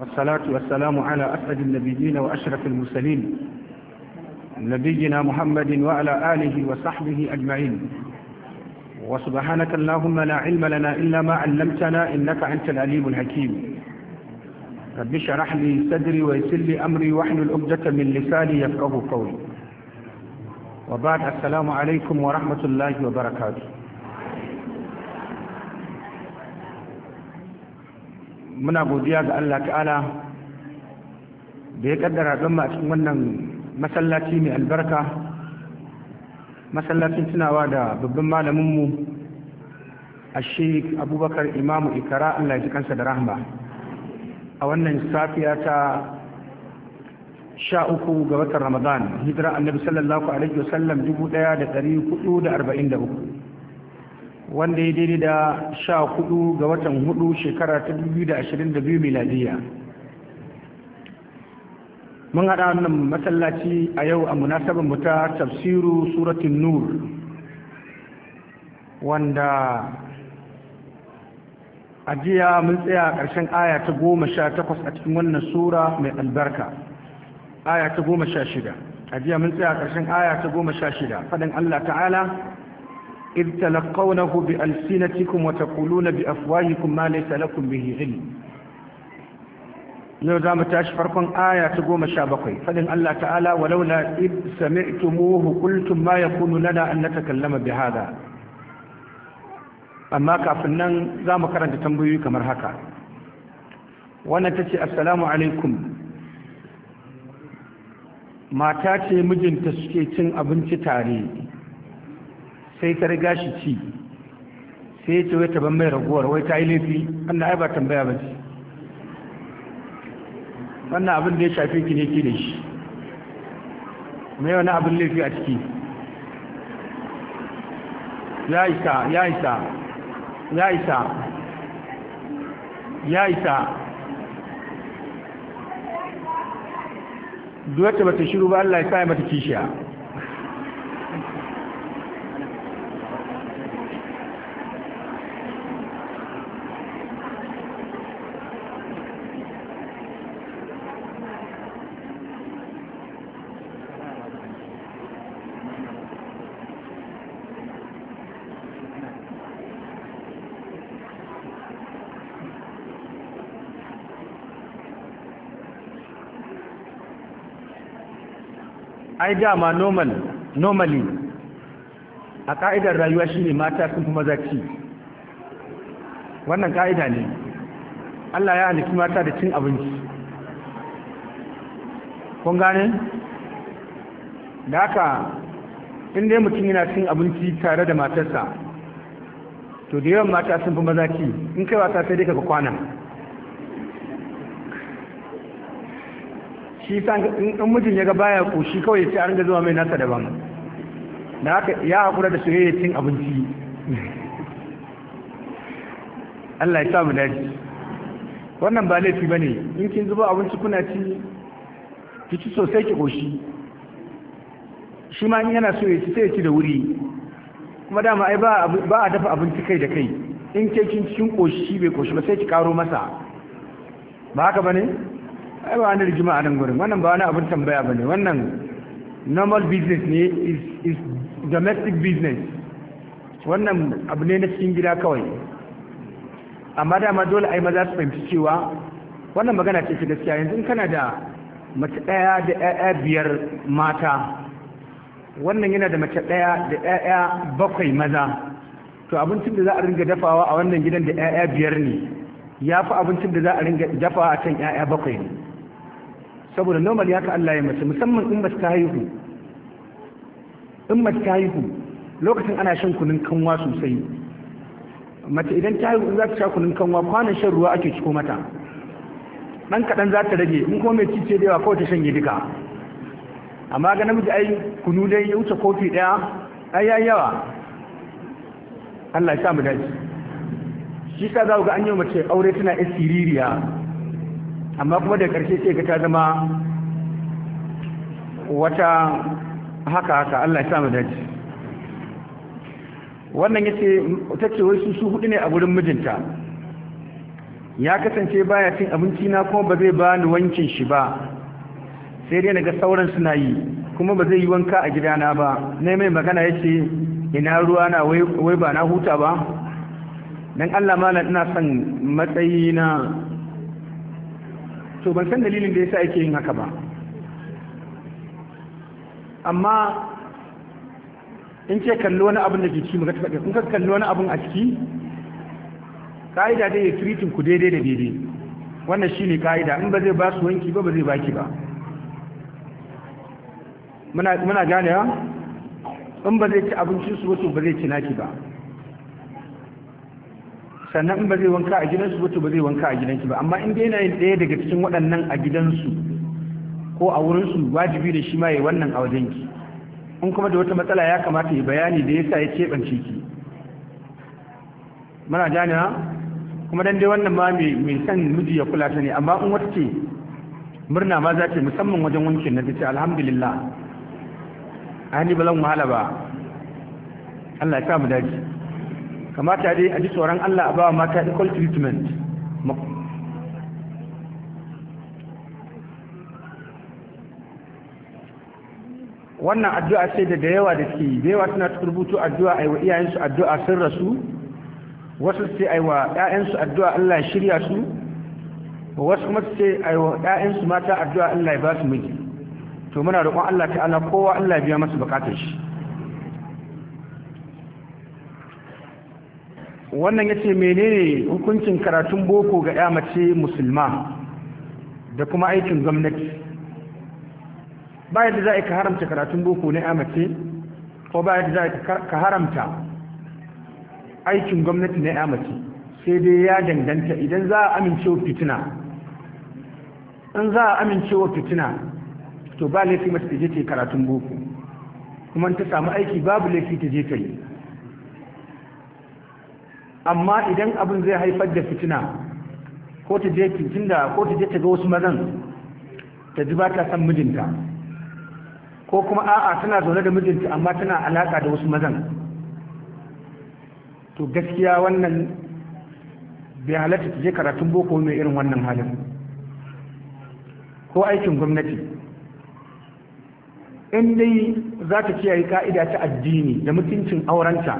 والصلاة والسلام على أسعد النبيين وأشرف المرسلين نبينا محمد وعلى آله وصحبه أجمعين وسبحانك اللهم لا علم لنا إلا ما علمتنا إنك أنت العليم الحكيم رب اشرح لي صدري ويسر لي أمري واحلل عقدة من لساني يفقهوا قولي وبعد السلام عليكم ورحمة الله وبركاته muna godiya ga Allah ta'ala da ya kaddara don a cikin wannan masallaci mai albarka masallacin tunawa da babban malaminmu a sheik abubakar imamu ikara Allah ya ji kansa da rahma a wannan safiya ta sha uku ga watan ramadan hijira annabi sallallahu alaihi wasallam dubu daya da ɗari hudu da arba'in da uku wanda ya daidai da sha hudu ga watan hudu shekara ta dubu da ashirin da biyu miladiya mun haɗa wannan masallaci a yau a munasabar mu ta tafsiru suratun nur wanda a jiya mun tsaya a ƙarshen aya ta goma sha takwas a cikin wannan sura mai albarka aya ta goma sha shida a jiya mun tsaya a ƙarshen aya ta goma sha shida faɗin allah ta'ala إذ تلقونه بألسنتكم وتقولون بأفواهكم ما ليس لكم به علم yau za mu tashi farkon aya ta goma sha bakwai faɗin Allah ta'ala walaula id sami'tumuhu qultum ma yakunu lana an natakallama bi hada amma kafin nan za mu karanta tambayoyi kamar haka wannan tace asalamu alaikum mata ce mijinta suke cin abinci tare sai ta riga shi ci sai ya ce wai taban mai raguwar wai ta yi laifi wannan ai ba tambaya ba ce wannan abin da ya shafi ki ne ki da shi mai wani abin laifi a ciki ya isa ya isa ya isa ya isa duwata ba ta shiru ba Allah ya sa ya mata kishiya ai dama normal normally a ka'idar rayuwa shine mata sun fi maza ci wannan ka'ida ne Allah ya halitta mata da cin abinci kun gane da haka inda mutum yana cin abinci tare da matarsa to da yawan mata sun fi maza in kai wasa sai dai ka kwana shi san in mutum ya ga baya koshi kawai sai an ga zuwa mai nasa daban da haka ya haƙura da soyayya cin abinci Allah ya sa mu dace wannan ba laifi bane in kin zuba abinci kuna ci ki ci sosai ki koshi shi ma in yana so ya ci sai ya ci da wuri kuma dama ai ba a dafa abinci kai da kai in ke kin cikin koshi bai koshi ba sai ki karo masa ba haka bane ai ba wani rigima a nan gurin wannan ba wani abin tambaya ba ne wannan normal business ne is is domestic business wannan abu ne na cikin gida kawai amma dama dole ai maza su fahimci cewa wannan magana ce ta gaskiya yanzu in kana da mace ɗaya da ɗaya biyar mata wannan yana da mace daya da ɗaya bakwai maza to abincin da za a ringa dafawa a wannan gidan da ɗaya biyar ne ya fi abincin da za a ringa dafawa a can ɗaya bakwai ne saboda normal ya ka Allah ya mace musamman in mace ta haihu in mace ta haihu lokacin ana shan kunun kanwa sosai mace idan ta haihu za ta sha kunun kanwa kwanan shan ruwa ake ciko mata dan kaɗan za ta rage in kuma mai cice da yawa kawai ta shanye duka amma ga namiji ai kunu dai ya wuce kofi ɗaya ai yayi yawa Allah ya sa mu dace shi sa za ga an yi mace aure tana yan amma kuma da ƙarshe sai ka ta zama wata haka haka Allah ya sa mu wannan yace tace wai su hudu ne a gurin mijinta ya kasance baya cin abinci na kuma ba zai bani wankin shi ba sai dai naga sauran suna yi kuma ba zai yi wanka a gidana ba nai mai magana yace ina ruwa na wai ba na huta ba dan Allah malam ina son matsayi na to ban san dalilin da yasa ake yin haka ba amma in ce kalli wani abin da ke ci maka taɓa kun ka kalli wani abin a ciki ka'ida dai ya tiritin ku daidai da daidai wannan shine ka'ida in ba zai ba su wanki ba ba zai baki ba muna muna ganewa in ba zai ci abincin su to ba zai ci naki ba sannan in ba zai wanka a gidansu ba to ba zai wanka a gidanki ba amma in dai yana yin ɗaya daga cikin waɗannan a gidansu ko a wurinsu wajibi da shi ma ya wannan a ki in kuma da wata matsala ya kamata ya bayani da yasa ya keɓance ki muna gane kuma dan dai wannan ma mai san miji ya kula ta ne amma in wata ce murna ma za ta musamman wajen wankin na ta alhamdulillah hannu balan wahala ba Allah ya sa mu dace kamata dai a ji tsoron Allah a bawa mata equal treatment wannan addu'a sai da da yawa da ke da yawa suna rubutu addu'a a yi wa iyayensu addu'a sun rasu wasu sai a yi wa ‘ya'yansu addu'a Allah ya shirya su wasu kuma sai a yi wa ‘ya'yansu mata addu'a Allah ya ba su miji to muna roƙon Allah ta'ala kowa Allah ya biya masu bukatar shi wannan ya ce menene hukuncin karatun boko ga ya mace musulma da kuma aikin gwamnati bayan da za a ka haramta karatun boko na ya mace ko bayan da za a ka haramta aikin gwamnati na ya mace sai dai ya danganta idan za a amincewa fitina in za a amincewa fitina to ba laifi mace ta je ta yi karatun boko kuma ta samu aiki babu laifi ta je ta yi amma idan abin zai haifar da fitina ko ta je da ko ta je ta ga wasu mazan ta ji ba ta san mijinta ko kuma a'a tana zaune da mijinta amma tana alaka da wasu mazan to gaskiya wannan bai halatta ta je karatun boko mai irin wannan halin ko aikin gwamnati in dai za ta kiyaye ka'ida ta addini da mutuncin aurenta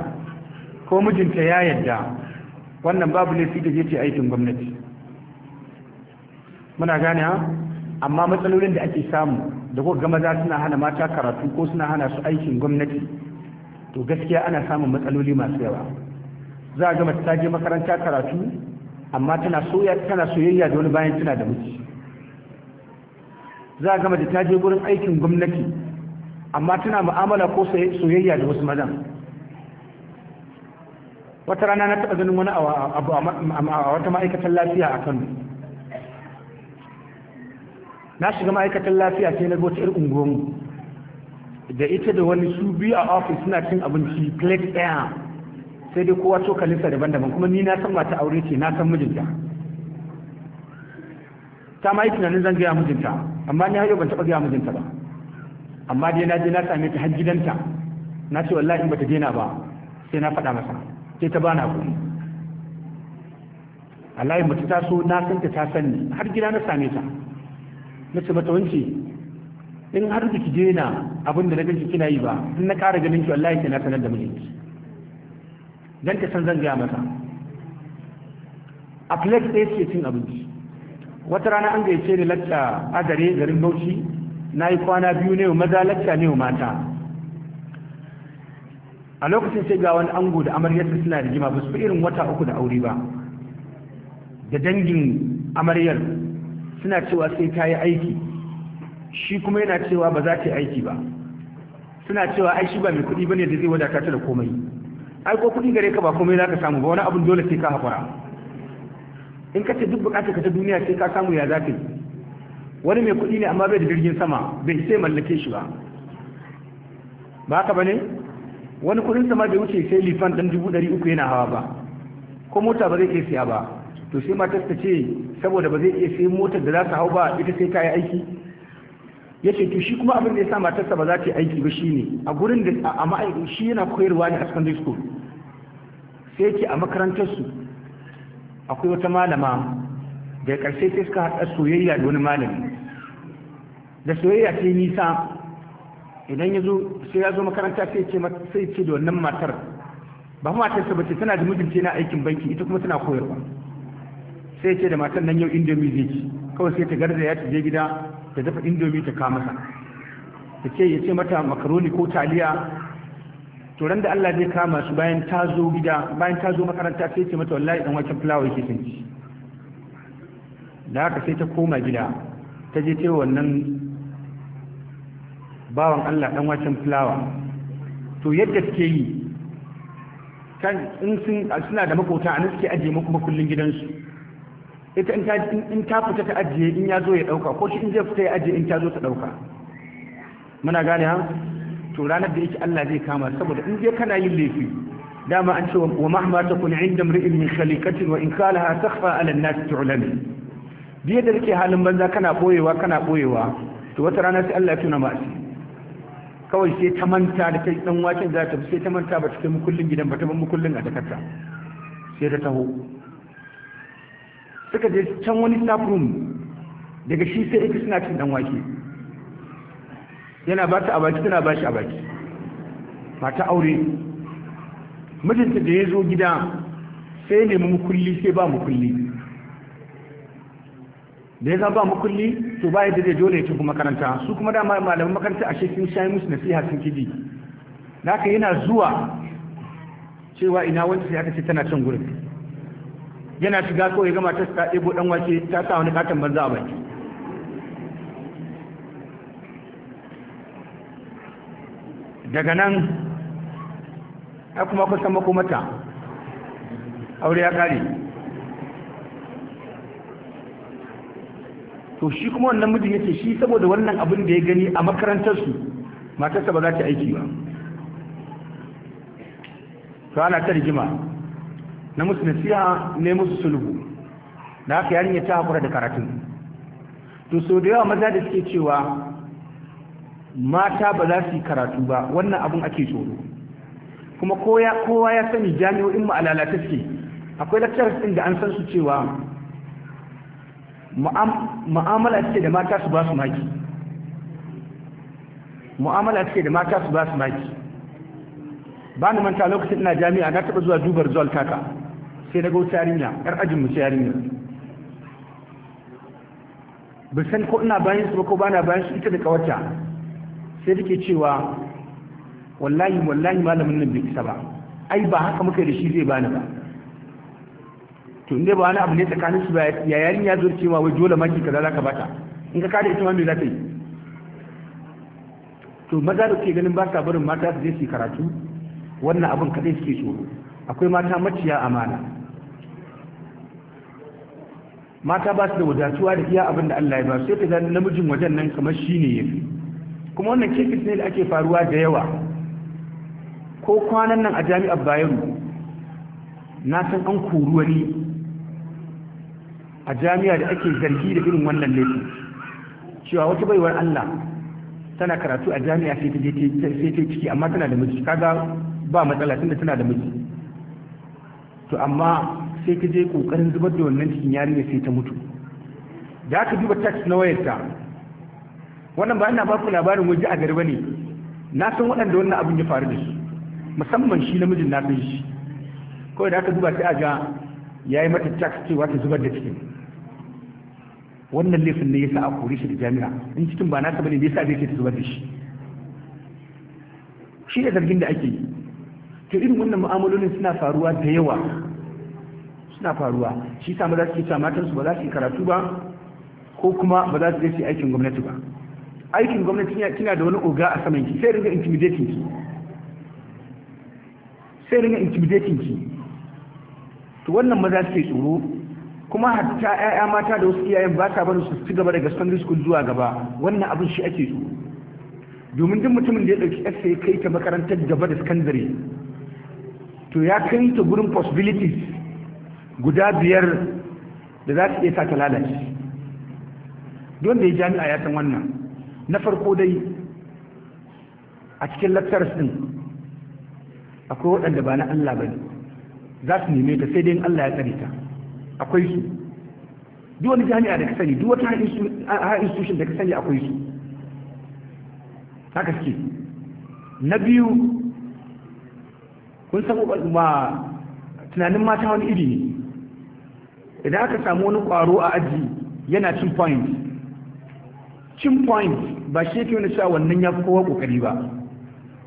ko mijinta ya yadda wannan babu laifi da zai ce aikin gwamnati muna gane ha amma matsalolin da ake samu da kuka maza suna hana mata karatu ko suna hana su aikin gwamnati to gaskiya ana samun matsaloli masu yawa za a gama ta je makaranta karatu amma tana tana soyayya da wani bayan tana da miji za a gama da ta je gurin aikin gwamnati amma tana mu'amala ko soyayya da wasu mazan wata rana na taɓa ganin wani abu a wata ma'aikatan lafiya a kano na shiga ma'aikatan lafiya sai na zo wata 'yar unguwanmu da ita da wani su biyu a ofis suna cin abinci plate ɗaya sai dai kowa cokalinsa daban-daban kuma ni na san mata aure ce na san mijinta ta ma yi tunanin zan gaya mijinta amma ni har ban taɓa gaya mijinta ba amma dai na je na same ta har gidanta na ce wallahi in bata daina ba sai na faɗa masa sai ta bana kuɗi Allah mace ta so na san ta ta sanni har gida na same ta na ce mata wance in har da ki daina abin da na ganki kina yi ba in na ƙara ganin ki wallahi kina sanar da mijinki dan ta san zan gaya mata a plate ɗaya ce cin abinci wata rana an gayyace ni lacca azare garin bauchi na yi kwana biyu ne maza lacca ne mata a lokacin sai ga wani ango da ta suna rigima ba su irin wata uku da aure ba da dangin amaryar suna cewa sai ta yi aiki shi kuma yana cewa ba za ta yi aiki ba suna cewa ai shi ba mai kuɗi bane da zai wadata ta da komai ai ko kuɗi gare ka ba komai za ka samu ba wani abin dole sai ka haƙura in ka ce duk buƙatar ka ta duniya sai ka samu ya za yi wani mai kuɗi ne amma bai da jirgin sama bai sai mallake shi ba ba haka ba ne wani kudin sama da wuce sai lifan dan dubu ɗari uku yana hawa ba ko mota ba zai iya siya ba to sai matar ta ce saboda ba zai iya sai motar da za ta hau ba ita sai ta yi aiki ya ce to shi kuma abin da ya sa matarsa ba za ta yi aiki ba shine a gurin da a shi yana koyarwa ne a secondary school sai yake a makarantarsu akwai wata malama da ƙarshe sai suka haɗa soyayya da wani malami da soyayya sai nisa idan ya zo sai ya zo makaranta sai ce sai ce da wannan matar ba matar sa bace tana da mijinta na aikin banki ita kuma tana koyarwa sai ce da matar nan yau indomi zai ci kawai sai ta garza ya je gida ta dafa indomi ta ka masa ta ce ya ce mata makaroni ko taliya to ran da Allah zai kama su bayan ta zo gida bayan ta zo makaranta sai ce mata wallahi dan waken fulawa yake son ci da haka sai ta koma gida ta je ta wannan bawan Allah dan wacin fulawa to yadda suke yi kan in sun suna da makota an suke ajiye muku makullin gidansu ita in ta in ta fita ta ajiye in ya zo ya dauka ko shi in zai fita ya ajiye in ta zo ta dauka muna gane ha to ranar da yake Allah zai kama saboda in zai kana yin laifi dama an ce wa mahma takun inda mri'in min khaliqatin wa in khalaha takhfa ala an-nas tu'lam biye da rike halin banza kana boyewa kana boyewa to wata rana sai Allah ya tuna ma'asi kawai sai ta manta da ta dan waken za ta sai ta manta ba ta kai mukullin gidan ba ta ban mukullin a takarta sai ta taho suka je can wani staff room daga shi sai ita suna cin dan wake yana ba ta a baki tana ba shi a mata aure mijinta da ya zo gida sai nemi mukulli sai ba mukulli da ya zama ba makulli to ba yadda zai dole ya tafi makaranta su kuma dama malaman makaranta a shekin shayi musu nasiha sun kidi da yana zuwa cewa ina wanda sai aka ce tana can gurin yana shiga kawai ya gama ta sa ɗebo ɗan wake ta sa wani katon banza a baki daga nan ya kuma kusan makomata aure ya kare to shi kuma wannan mijin yake shi saboda wannan abin da ya gani a makarantar su matarsa ba za ta aiki ba to ana ta rigima na musu nasiha ne musu sulhu da haka yarinya ta hakura da karatun to so da yawa maza da suke cewa mata ba za su yi karatu ba wannan abin ake tsoro kuma kowa ya sani jami'o'in mu a suke akwai lecturers ɗin da an san su cewa mu'amala suke da mata su ba su maki mu'amala suke da mata su ba su maki ba ni manta lokacin ina jami'a na taɓa zuwa dubar zuwa kaka sai na ga wata yarinya yar ajin mu ce yarinya ba san ko ina bayan su ba ko bana bayan su ita da kawata sai take cewa wallahi wallahi malamin nan bai isa ba ai ba haka muka yi da shi zai bani ba to inda ba wani abu ne tsakanin su ya yarin ya zurce ma wai dole maki kaza zaka bata in ka kada ita ma zata yi to maza da ke ganin ba sa barin mata su je su karatu wannan abin kadai suke tsoro akwai mata maciya amana mata ba su da wadatuwa da iya abin da Allah ya ba sai ka ga namijin wajen nan kamar shine yafi kuma wannan kekis ne da ake faruwa da yawa ko kwanan nan a jami'ar bayero na san an kori wani a jami'a da ake zargi da irin wannan laifi cewa wata baiwar Allah tana karatu a jami'a sai ta je sai ta ciki amma tana da miji kaga ba matsala tunda tana da miji to amma sai ta je kokarin zubar da wannan cikin yarinya sai ta mutu da aka duba tax na wayarta wannan ba ina ba ku labarin waje a garba ne na san waɗanda wannan abin ya faru da su musamman shi namijin na san shi kawai da aka duba sai a ga ya yi mata tax cewa ta zubar da cikin wannan laifin ne yasa a kore shi da jami'a in cikin ba naka bane da yasa zai ke zubar da shi shi da zargin da ake yi to irin wannan mu'amalolin suna faruwa da yawa suna faruwa shi sa maza suke cewa su ba za su yi karatu ba ko kuma ba za su je su aikin gwamnati ba aikin gwamnati kina da wani oga a saman ki sai ringa intimidating ki sai ringa intimidating ki to wannan maza suke tsoro kuma hatta 'ya'ya mata da wasu iyayen ba sa bari su ci gaba daga secondary school zuwa gaba wannan abin shi ake so domin duk mutumin da ya ɗauki yarsa ya kai ta makarantar gaba da secondary to ya kai ta gurin possibilities guda biyar da za su iya sa ta lalace don da ya jami'a ya san wannan na farko dai a cikin lectures din akwai waɗanda ba na Allah ba ne za su neme ta sai dai Allah ya tsare ta akwai su duk wani jami'a da ka sani duk wata high institution da ka sani akwai su haka suke na biyu kun san ma tunanin mata wani iri ne idan aka samu wani kwaro a aji yana cin point cin point ba shi yake wani sha wannan ya fi kowa kokari ba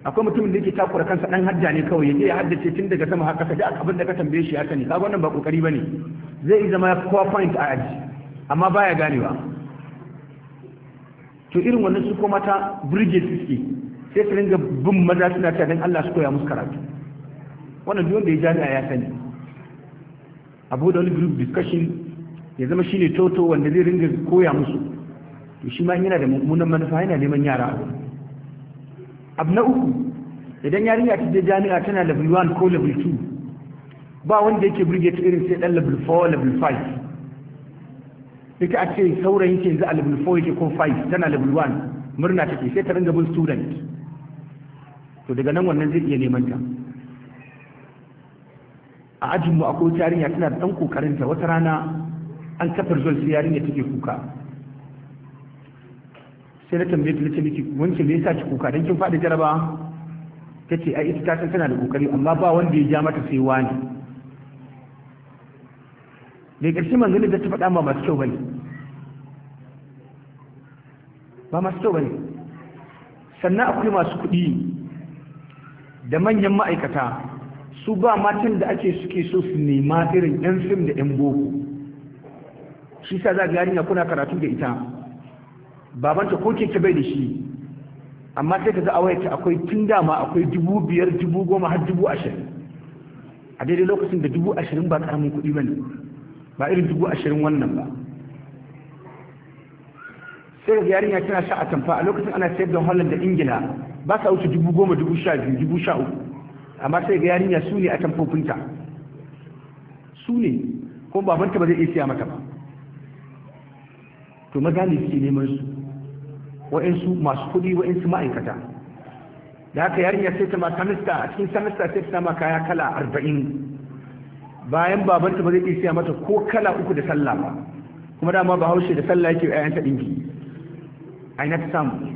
akwai mutumin da yake takura kansa dan hajja ne kawai yake ya haddace tun daga sama haka da abin da ka tambaye shi haka ne kaga wannan ba kokari bane zai zama ya kowa point a aji amma ba gane ganewa to irin wannan su ko mata birge suke sai su ringa bin maza suna ta don Allah su koya musu karatu wannan duk wanda ya jami'a ya sani abu da wani group discussion ya zama shine toto wanda zai ringa koya musu to shi ma yana da mummunan manufa yana neman yara abu na uku idan yarinya ta je jami'a tana level 1 ko level 2 ba wanda yake burge ta irin sai dan level 4 level 5 duka a ce saurayin yake yanzu a level 4 yake ko 5 tana level 1 murna take sai ta ringa bin student to daga nan wannan zai iya neman ta a ajin mu akwai yarinya tana da dan kokarin ta wata rana an kafar zuwa sai yarinya take kuka sai na tambaye ta nace miki wancan me yasa ki kuka dan kin faɗi jaraba tace ai ita ta san tana da kokari amma ba wanda ya ja mata sai wani da ƙarshe manzannin da ta faɗa ba masu kyau bane ba masu kyau bane sannan akwai masu kuɗi da manyan ma'aikata su ba matan da ake suke so su nema irin 'yan fim da 'yan boko shi sa za ga yarinya kuna karatu da ita babanta ko keke bai da shi amma sai ka ga awayarta akwai tun dama akwai dubu biyar dubu goma har dubu ashirin a daidai lokacin da dubu ashirin ba karamin kuɗi ba ne ba irin dubu ashirin wannan ba sai da yarinya tana sha a tamfa a lokacin ana sayar da holland da ingila ba sa wuce dubu goma dubu sha biyu dubu sha uku amma sai ga yarinya su ne a tamfofinta su ne kuma babanta ba zai iya siya mata ba to maza ne suke neman su wa'insu masu kuɗi wa'insu ma'aikata da haka yarinya sai ta ma sanista a cikin sanista sai ta ma kaya kala arba'in bayan babanta ba zai iya siya mata ko kala uku da sallah ba kuma dama ba haushe da sallah yake ayyanta dinki ai na samu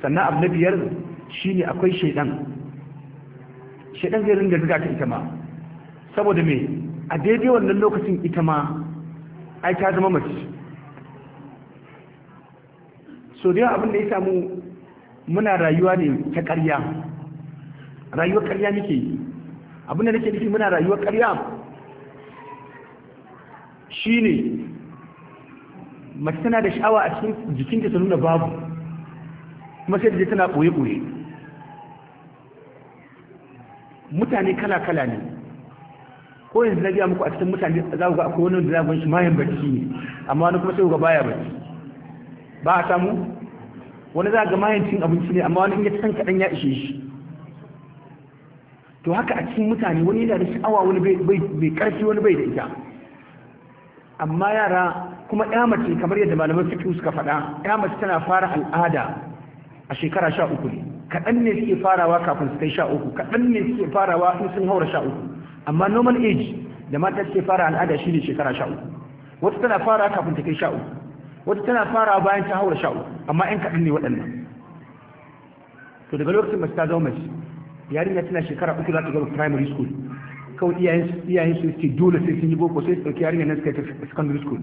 sannan abu na biyar shine akwai shaidan shaidan zai ringa zuga ta ita ma saboda me a daidai wannan lokacin ita ma ai ta zama mace so da abin da ya samu muna rayuwa ne ta ƙarya rayuwar ƙarya muke yi abin da nake nufi muna rayuwar ƙarya shine mace tana da sha'awa a cikin jikinta ta nuna babu kuma sai da tana ɓoye-ɓoye mutane kala-kala ne ko yanzu na biya muku a cikin mutane za ku ga akwai wani da za shi mayan bacci ne amma wani kuma sai ga baya bacci ba a samu wani za ga mayan cin abinci ne amma wani in ya san kaɗan ya ishe shi to haka a cikin mutane wani yana da sha'awa wani bai karfi wani bai da ita amma yara kuma ya mace kamar yadda malaman fiqh suka faɗa ya mace tana fara al'ada a shekara sha uku ne kaɗan ne suke farawa kafin su kai sha uku kaɗan ne suke farawa in sun haura sha uku amma normal age da mata suke fara al'ada shi ne shekara sha uku wata tana fara kafin ta kai sha uku wata tana fara bayan ta haura sha uku amma 'yan kaɗan ne waɗannan to daga lokacin mace ta zama mace yarinya tana shekara uku za ta gama primary school kawai iyayen su ce dole sai sun yi boko sai su ɗauki yarinya na suka yi secondary school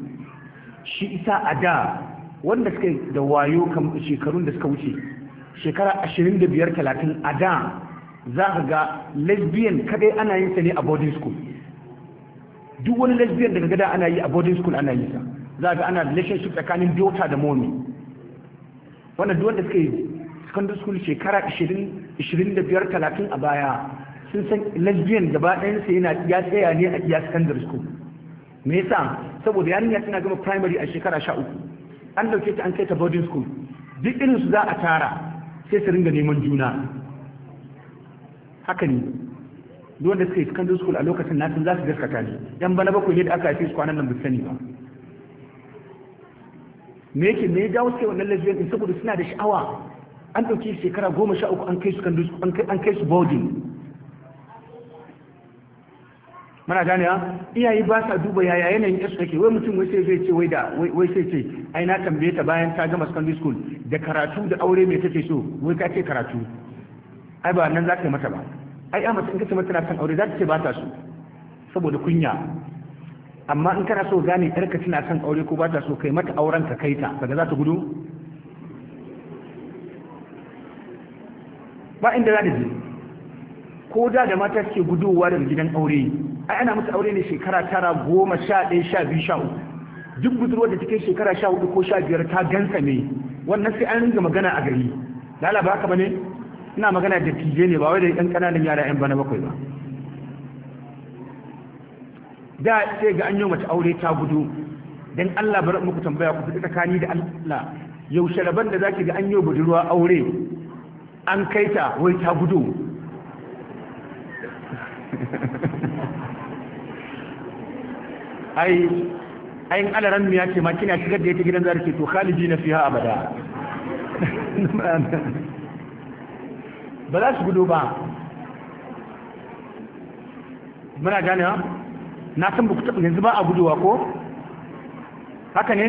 shi isa a da wanda suka da wayo shekarun da suka wuce shekara ashirin da biyar talatin a da za ka ga lesbian kadai ana yin sa ne a boarding school duk wani lesbian daga gada ana yi a boarding school ana yi sa za ga ana relationship tsakanin daughter da mommy wannan duk wanda suka yi secondary school shekara 25-30 a baya sun san lesbian gaba sai yana ya tsaya ne a iya secondary school me yasa saboda ya tana gama primary a shekara 13 an dauke ta an kai ta boarding school duk irin su za a tara sai su ringa neman juna haka ne don da suka yi secondary school a lokacin nasu za su gaskata ne yan bana bakwai ne da aka haife su kwanan nan sani ba me yake me ya jawo sai wannan lesbian din saboda suna da sha'awa an ɗauki shekara goma sha uku an kai su an kai su boarding mana gane iyaye ba sa duba yaya yanayin yasu take wai mutum wai sai zai ce wai da wai sai ce ai na tambaye ta bayan ta gama secondary school da karatu da aure mai take so wai ka ce karatu ai ba nan za ka yi mata ba ai ya mace in ka ce mata tana son aure za ta ce ba ta so saboda kunya amma in kana so gane yarka tana son aure ko ba ta so kai mata auren ka kai ta kaga za ta gudu ba inda za da je ko da da mata suke gudowa daga gidan aure ai ana musu aure ne shekara tara goma sha ɗaya sha biyu sha uku duk budurwar da take shekara sha hudu ko sha biyar ta gansa ne wannan sai an ringa magana a gari lala ba haka bane ina magana da tije ne ba wai da yan ƙananan yara ƴan bana bakwai ba da sai ga an yi mace aure ta gudu dan Allah bar muku tambaya ku fita tsakani da Allah yaushe raban da zaki ga an yi budurwa aure an kai ta wai ta gudu ai ayin alaran ya ce ma kina shigar da yake gidan zara ce to khaliji na fiha abada ba za su gudu ba muna gane na san buku taɓa yanzu ba a guduwa ko haka ne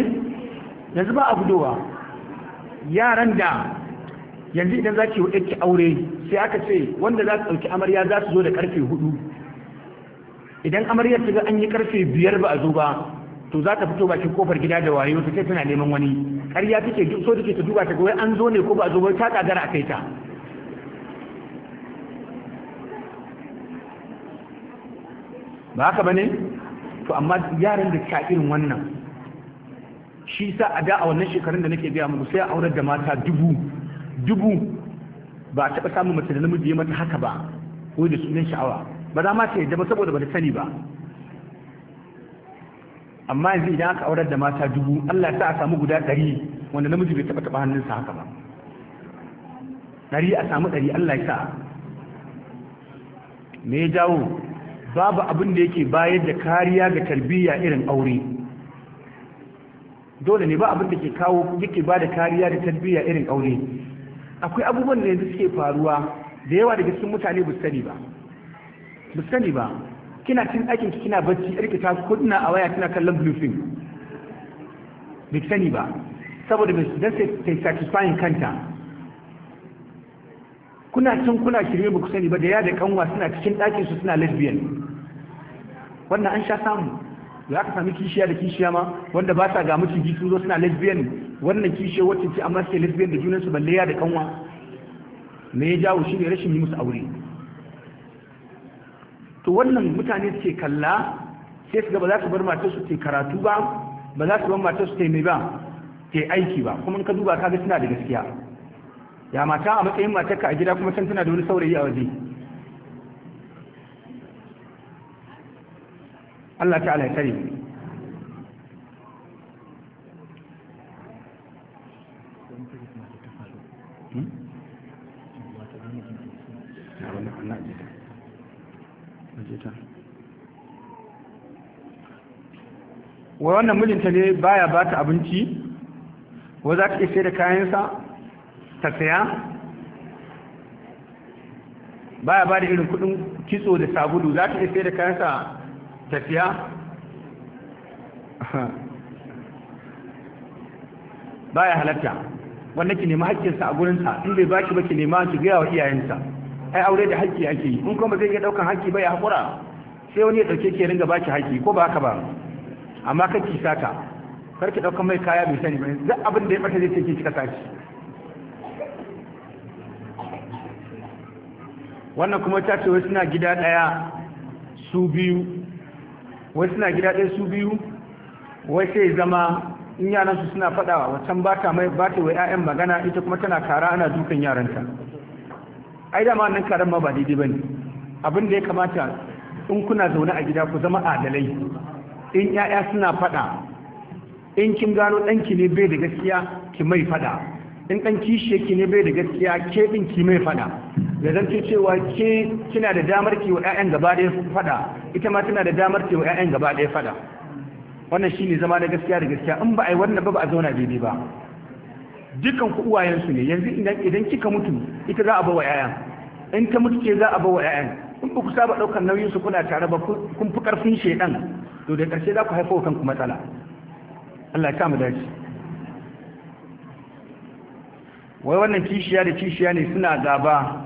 yanzu ba a guduwa yaran da yanzu idan za ki yi ki aure sai aka ce wanda za su ɗauki amarya za su zo da karfe hudu idan amaryar ta ga an yi karfe biyar ba a zo ba to za ta fito bakin kofar gida da wayo ta tana neman wani ƙarya take so take ta duba ta ga an zo ne ko ba a zo ba ta kagara a kai ta ba haka bane to amma yaran da ka irin wannan shi sa a da a wannan shekarun da nake biya muku sai a aurar da mata dubu dubu ba a taɓa samun mace da namiji ya mata haka ba ko da sunan sha'awa ba za ma ta yadda ba saboda ba da sani ba amma yanzu idan aka aurar da mata dubu Allah ya sa a samu guda ɗari wanda namiji bai taɓa taɓa hannunsa haka ba ɗari a samu ɗari Allah ya sa me ya jawo babu abin da yake bayar da kariya ga tarbiyya irin aure dole ne ba abin da ke kawo yake ba da kariya da tarbiyya irin aure akwai abubuwan da yanzu suke faruwa da yawa daga cikin mutane ba sani ba ba sani ba kina cin aikin ki kina bacci yarki ta kudna a waya kina kallon blue film ba sani ba saboda mai ta sai satisfying kanta kuna cin kuna shirme ba ku sani ba da ya da kanwa suna cikin ɗakin su suna lesbian wannan an sha samu da aka sami kishiya da kishiya ma wanda ba sa ga miciji jisu zo suna lesbian wannan kishe wacce ce amma sai lesbian da junansu balle ya da kanwa me ya jawo shi ne rashin yi musu aure to wannan mutane suke kalla sai su ga ba za su bar matar su ta karatu ba ba za su bar matar su ta mai ba ta aiki ba kuma in ka duba ka ga suna da gaskiya ya mata a matsayin matarka a gida kuma san tana da wani saurayi a waje Allah ta'ala ya tare Wani wannan mijinta ne baya ba ta abinci wa za ta ishe da kayansa ta saya baya ba da irin kudin kitso da sabulu za ta ishe da kayansa ta saya baya halatta wanda ki nema hakkinsa a gurinsa in bai baki ba ki nema ki gaya wa iyayensa ai aure da haƙƙi ake yi in kuma zai iya daukan haƙƙi ba ya haƙura sai wani ya ɗauke ke ringa baki haƙƙi ko ba haka ba amma kan ki saka kar ki ɗaukan mai kaya mai sani ba duk abin da ya ɓata zai ce ki kika saki wannan kuma ta ce wasu na gida ɗaya su biyu wasu na gida ɗaya su biyu wai sai zama in su suna fadawa wancan ba ta mai ba ta wa 'ya'yan magana ita kuma tana kara ana dukan yaranta ai dama nan karan ma ba daidai bane abin da ya kamata in kuna zaune a gida ku zama adalai in 'ya'ya suna fada in kin gano ɗanki ne bai da gaskiya ki mai fada in ɗan kishi ki ne bai da gaskiya ke ɗin ki mai fada da zan ce cewa ke kina da damar ki wa ƴaƴan gaba ɗaya fada ita ma tana da damar ki wa ƴaƴan gaba ɗaya fada wannan shine zama da gaskiya da gaskiya in ba a yi wannan ba ba a zauna daidai ba dukan ku uwayensu ne yanzu idan kika mutu ita za a ba wa yayan in ta mutu ke za a ba wa yayan in ba ku saba ɗaukar nauyin su kuna tare ba kun fi ƙarfin shedan to da ƙarshe za ku haifa wa kanku matsala Allah ya kama dace wai wannan kishiya da kishiya ne suna gaba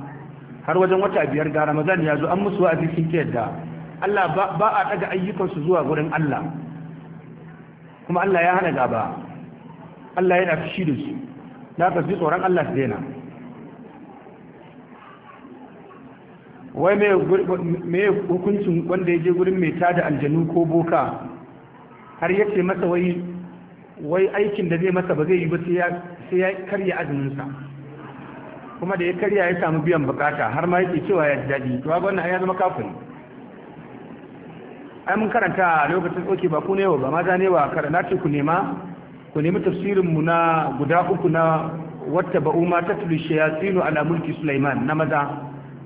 har wajen wata biyar ga Ramadan ya zo an musu wa'azi sun yadda Allah ba a daga su zuwa gurin Allah kuma Allah ya hana gaba Allah yana fushi da su Na ka tsoron Allah su daina wai mai hukuncin wanda ya je gurin mai tada aljanu ko boka har ya ce masa wai wai aikin da zai masa ba zai yi ba sai ya karya azuminsa kuma da ya karya ya samu biyan bukata har ma yake cewa ya daɗi to ga wannan ya zama kafin ai mun karanta lokacin tsoke ba ku ne ba maza ne wa karanta ku nema ku nemi tafsirinmu na guda uku na wata ba'u ma ta tuli shayatsinu ala mulki Sulaiman na maza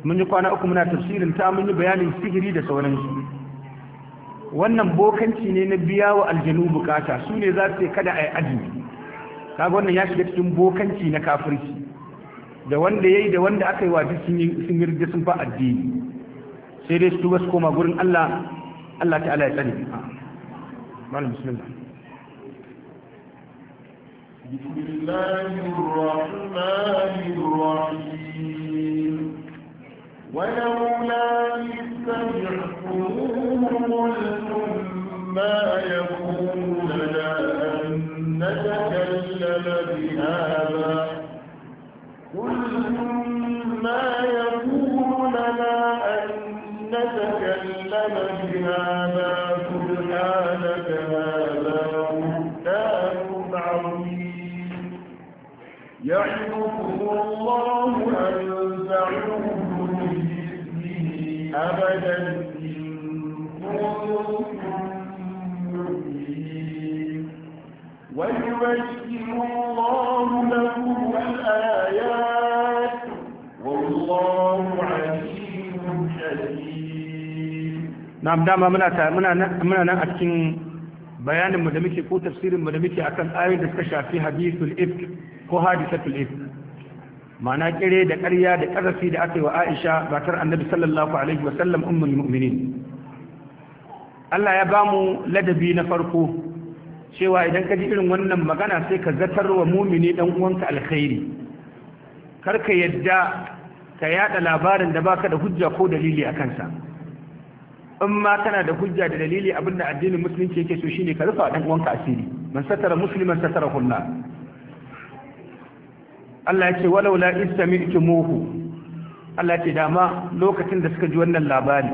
mun yi kwana uku muna tafsirin ta mun yi bayanin sihiri da sauransu wannan bokanci ne na biya wa aljanu bukata su ne za su kada a yi azumi kaga wannan ya shiga cikin bokanci na kafirci da wanda ya yi da wanda aka yi wa duk sun yi sun fa addini sai dai su tuba su koma gurin Allah Allah ta'ala ya tsare malam bismillah بسم الله الرحمن الرحيم ولولا إذ سمعتموه قلتم ما يكون لنا أن نتكلم بهذا قلتم ما يكون لنا أن نتكلم بهذا سبحانك هذا يعظكم الله أن تعودوا بإذنه أبدا الله لكم الآيات والله عليم حكيم نعم دعما muna nan a cikin bayaninmu da muke ko tafsirinmu da muke akan ayoyin da suka shafi hadithul ko hadisatul ifk ma'ana kire da ƙarya da ƙarafi da aka yi wa Aisha batar annabi sallallahu alaihi wasallam ummul mu'minin Allah ya bamu ladabi na farko cewa idan ka ji irin wannan magana sai ka zatar wa mumini dan uwanka alkhairi kar ka yadda ka yada labarin da baka da hujja ko dalili a kansa in ma kana da hujja da dalili abinda addinin musulunci yake so shine ka rufa dan uwanka asiri man satara musliman satara kullahu Allah ya ce walau la istami'tumuhu Allah ya ce dama lokacin da suka ji wannan labari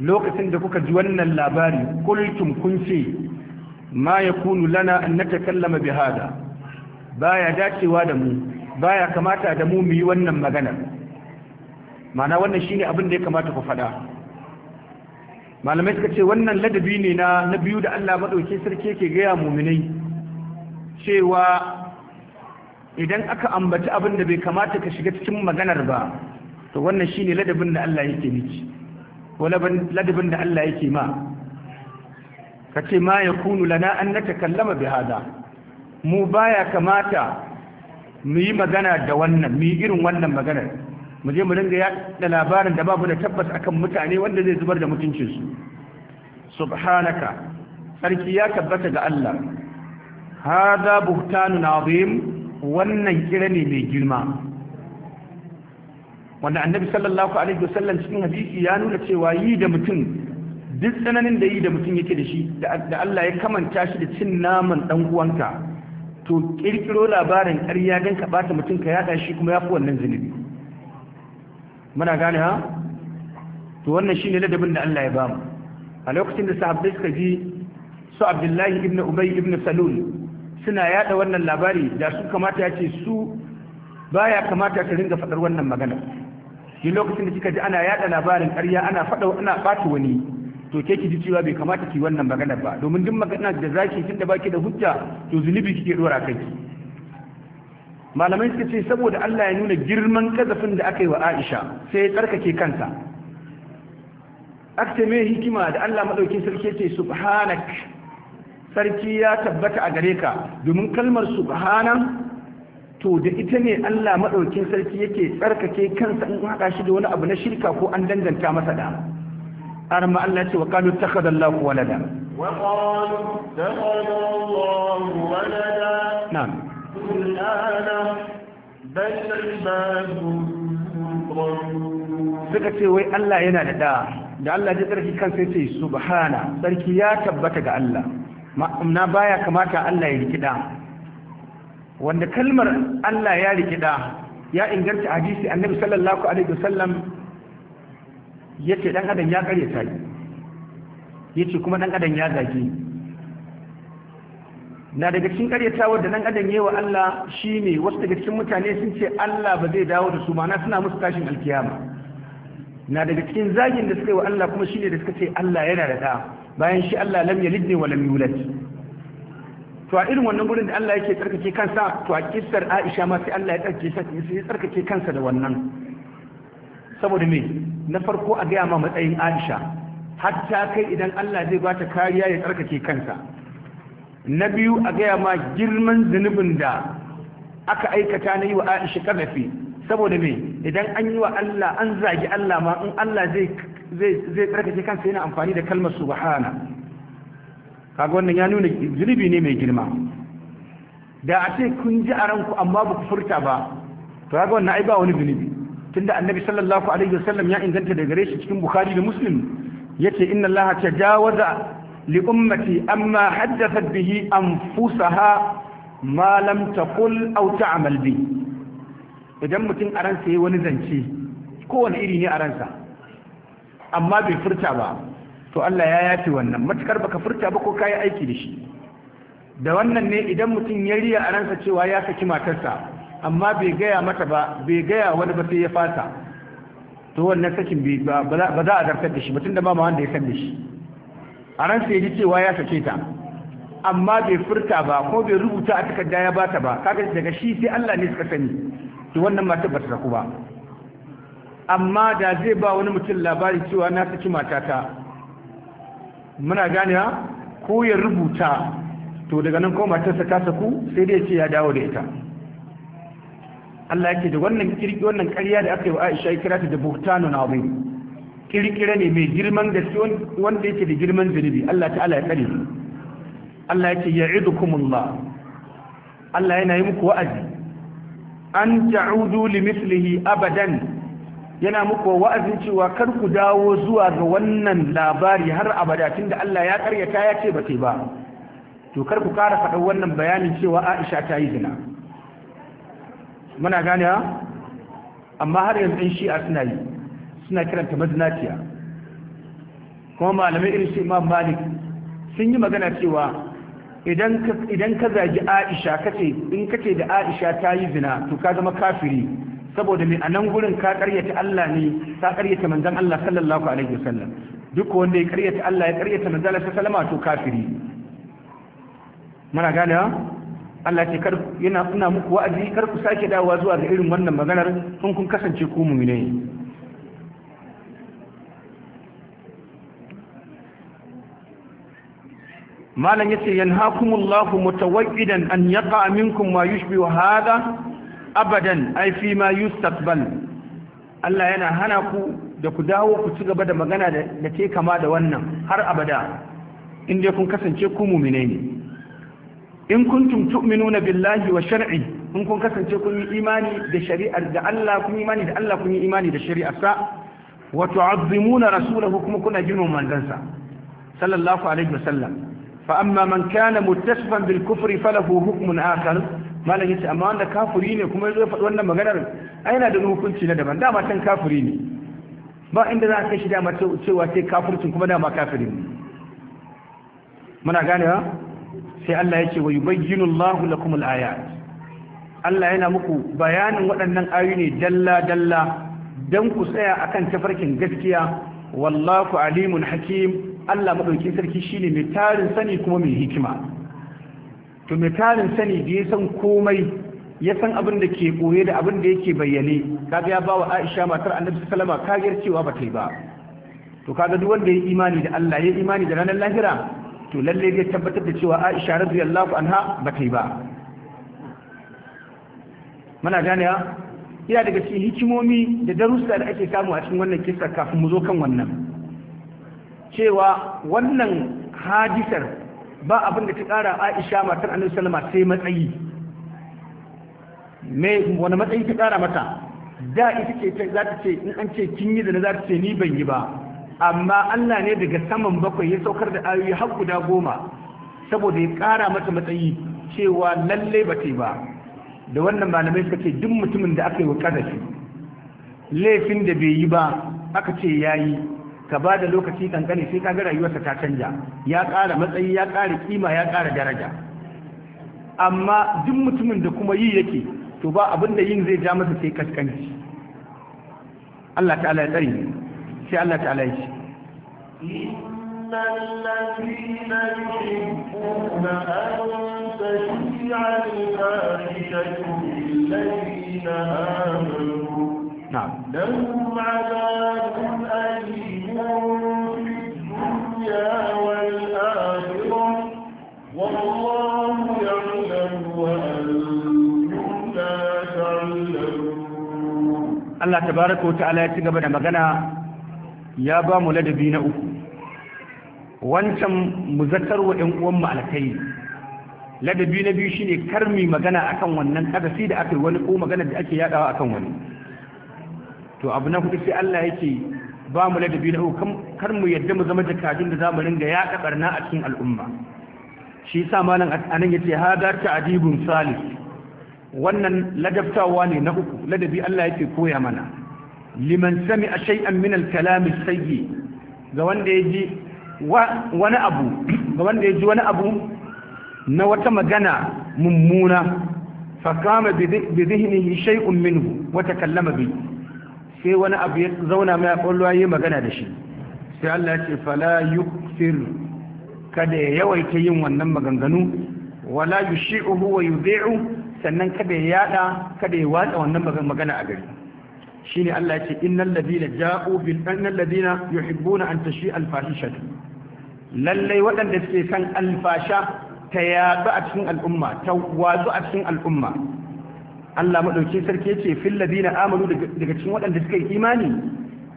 lokacin da kuka ji wannan labari kultum kun ce ma kunu lana an bi bihada baya dacewa da mu baya kamata da mu mu yi wannan magana mana wannan shine abin da ya kamata ku faɗa malamai suka ce wannan ladabi ne na na biyu da Allah madauke sarki yake gaya muminai cewa idan aka ambaci abin da bai kamata ka shiga cikin maganar ba to wannan ne ladabin da Allah yake miki ko ladabin da Allah yake ma ka ce ma yakunu lana an natakallama bi hada mu baya kamata mu yi magana da wannan mu yi irin wannan maganar mu je mu dinga yaɗa labarin da babu da tabbas akan mutane wanda zai zubar da mutuncinsu subhanaka sarki ya tabbata ga Allah hada buhtanun azim wannan kira ne mai girma wanda annabi sallallahu alaihi wasallam cikin hadisi ya nuna cewa yi da mutum duk tsananin da yi da mutum yake da shi da Allah ya kamanta shi da cin naman dan uwanka to kirkiro labarin ƙarya don ka bata mutum ka yada shi kuma ya fi wannan zunubi muna gane ha to wannan shine ladabin da Allah ya bamu a lokacin da sahabbai suka ji su Abdullahi ibn Ubay ibn Salul suna yada wannan labari da su kamata ya ce su baya kamata ka ringa faɗar wannan magana shi lokacin da kika ji ana yada labarin ƙarya ana fada ana ɓata wani to ke ki ji cewa bai kamata ki wannan magana ba domin duk magana da zaki tun da baki da hujja to zunubi kike dora kanki malamai suka ce saboda Allah ya nuna girman kazafin da aka yi wa Aisha sai ya tsarkake kanta aka ce mai hikima da Allah madaukin sarki ya ce subhanak sarki ya tabbata a gare ka domin kalmar subhanan to da ita ne Allah maɗaukin sarki yake tsarkake kansa in haɗa shi da wani abu na shirka ko an danganta masa da har ma Allah ce wa qalu takhadha walada wa qalu takhadha walada na'am suka ce wai Allah yana da da da Allah ya tsarki kansa subhana sarki ya tabbata ga Allah ma'amna baya kamata Allah ya rikida wanda kalmar Allah ya rikida ya inganta hadisi annabi sallallahu alaihi wasallam yace dan adam ya kare ta yace kuma dan adam ya zage na daga cikin karyatawar da dan adam yayi wa Allah shine wasu daga cikin mutane sun ce Allah ba zai dawo da su ma'ana suna musu tashin alkiyama na daga cikin zagin da suka yi wa Allah kuma shine da suka ce Allah yana da da'a bayan shi Allah lam yalid ne wa lam yulad to a irin wannan gurin da Allah yake tsarkake kansa to a kissar Aisha ma sai Allah ya tsarkake sai ya tsarkake kansa da wannan saboda me na farko a gaya ma matsayin Aisha hatta kai idan Allah zai bata kariya ya tsarkake kansa na biyu a gaya ma girman zunubin da aka aikata na yi wa Aisha karafi saboda me idan an yi wa Allah an zagi Allah ma in Allah zai zai tsarkake kansa yana amfani da kalmar subhana kaga wannan ya nuna zunubi ne mai girma da a ce kun ji a ranku amma ba ku furta ba to kaga wannan ai ba wani zunubi tunda annabi sallallahu alaihi wasallam ya inganta da gare shi cikin bukhari da muslim yace inna allaha tajawaza li ummati amma haddathat bihi anfusaha ma lam taqul aw ta'mal bi idan mutum aransa ya yayi wani zance kowane iri ne aransa. ransa amma bai furta ba to Allah ya yafi wannan matukar baka furta ba ko kayi aiki da shi da wannan ne idan mutum ya riya a ransa cewa ya saki matarsa amma bai gaya mata ba bai gaya wani ba sai ya fasa to wannan sakin ba za a zartar da shi mutum da ba ma wanda ya san da shi a ransa ya ji cewa ya sake ta amma bai furta ba ko bai rubuta a takarda ya bata ba kaga daga shi sai Allah ne suka sani to wannan matar ba ta saku ba amma da zai ba wani mutum labari cewa na saki matata muna gane ko ya rubuta to daga nan ko matarsa ta saku sai dai ce ya dawo da ita Allah yake da wannan kirki wannan ƙarya da aka yi wa Aisha ya kira ta da buhtanun azim ne mai girman gaske wanda yake da girman zunubi Allah ta'ala ya kare Allah yake ya'idukumullah Allah yana yi muku wa'azi an ta'udu li mislihi abadan yana muku wa'azin cewa kar ku dawo zuwa ga wannan labari har abada tun da Allah ya karyata ya ce ba ce ba to kar ku kara faɗa wannan bayanin cewa Aisha ta yi zina muna gane amma har yanzu in shi'a suna yi suna kiranta mazinaciya kuma malamai irin su Imam Malik sun yi magana cewa idan ka zagi aisha kace in kace da aisha ta yi zina to ka zama kafiri saboda mai nan gurin ka karyata Allah ne ka karyata manzon Allah sallallahu alaihi wasallam duk wanda ya karyata Allah ya karyata manzon Allah sallallahu alaihi wasallam to kafiri muna gane wa? Allah ce kar yana ina muku wa'azi kar ku sake dawowa zuwa ga irin wannan maganar kun kun kasance ku mu'mine malam yace yanhaakumullahu mutawaqqidan an yaqa minkum ma yushbihu hadha abadan ai fi ma yustaqbal Allah yana hana ku da ku dawo ku ci gaba da magana da ke kama da wannan har abada in dai kun kasance ku mu'mine ne in kuntum tu'minuna billahi wa shar'i in kun kasance kun yi imani da shari'ar da Allah kun yi imani da Allah kun yi imani da shari'ar sa wa tu'azzimuna rasulahu kuma kuna girmama manzansa sallallahu alaihi wa sallam. fa amma man kana muttasifan bil kufri falahu hukmun akhar Mallam yace amma wanda kafuri ne kuma zo faɗi wannan maganar ai yana da hukunci na daban dama tan kafuri ne ba inda za kai shi dama cewa sai kafircin kuma dama kafiri ne muna ganewa sai Allah yace wa yubayyinu Allahu lakum al-ayat Allah yana muku bayanin waɗannan ayoyi ne dalla dalla dan ku tsaya akan tafarkin gaskiya wallahu alimun hakim Allah madaukin sarki shine mai tarin sani kuma mai hikima to mai tarin sani da ya san komai ya san abin da ke koye da abin da yake bayyane kaga ya ba wa Aisha matar Annabi sallama kagiyar cewa ba ta yi ba to kaga duk wanda ya imani da Allah ya imani da ranar lahira to lalle zai tabbatar da cewa Aisha radiyallahu anha ba ta yi ba muna gane ina daga cikin hikimomi da darussa da ake samu a cikin wannan kisa kafin mu zo kan wannan cewa wannan hadisar ba abin da ta ƙara aisha matar annabi sallama sai matsayi me wani matsayi ta ƙara mata da ita ce za ta ce in an ce kin yi da na za ce ni ban yi ba amma Allah ne daga saman bakwai ya saukar da ayoyi har guda goma saboda ya kara mata matsayi cewa lalle ba ta ba da wannan malamai suka ce duk mutumin da aka yi wa laifin da bai yi ba aka ce ya yi ka ba da lokaci kankani sai kaga rayuwarsa ta canja ya ƙara matsayi ya ƙara kima ya ƙara daraja amma duk mutumin da kuma yi yake to ba abin da yin zai ja masa sai kaskanci Allah ta'ala ya tsare sai Allah ta'ala ya ce نعم لهم عذاب ya في الدنيا والآخرة والله يعلم وأنتم لا تعلمون الله تبارك na uku wancan muzakkar wa ɗan uwan mu alkai ladabi na biyu shine karmi magana akan wannan kadafi da aka wani ko magana da ake yadawa akan wani to abu na hudu sai Allah yake ba mu ladabi na hukum kar mu yadda mu zama jakadun da zamu ringa ya barna a cikin al'umma shi yasa malam anan yace hada ta'dibun salih wannan ladabtawa ne na uku ladabi Allah yake koya mana liman sami'a shay'an min al-kalam sayyi ga wanda yaji wani abu ga wanda yaji wani abu na wata magana mummuna fakama bi dhihnihi shay'un minhu wa takallama bihi sai wani abu ya zauna mai ƙwallo ya magana da shi sai Allah ce fala yukfir kada ya yawaita yin wannan maganganu wala yushi'uhu wa yudhi'u sannan kada ya yada kada ya watsa wannan magana a gari shine Allah ce innal ladina ja'u bil annal ladina yuhibbuna an tashi al fahishatu lallai waɗanda suke kan alfasha ta yaɗu a cikin al'umma ta watsu a cikin al'umma Allah madauki sarki yace fil ladina amanu daga cikin waɗanda suka yi imani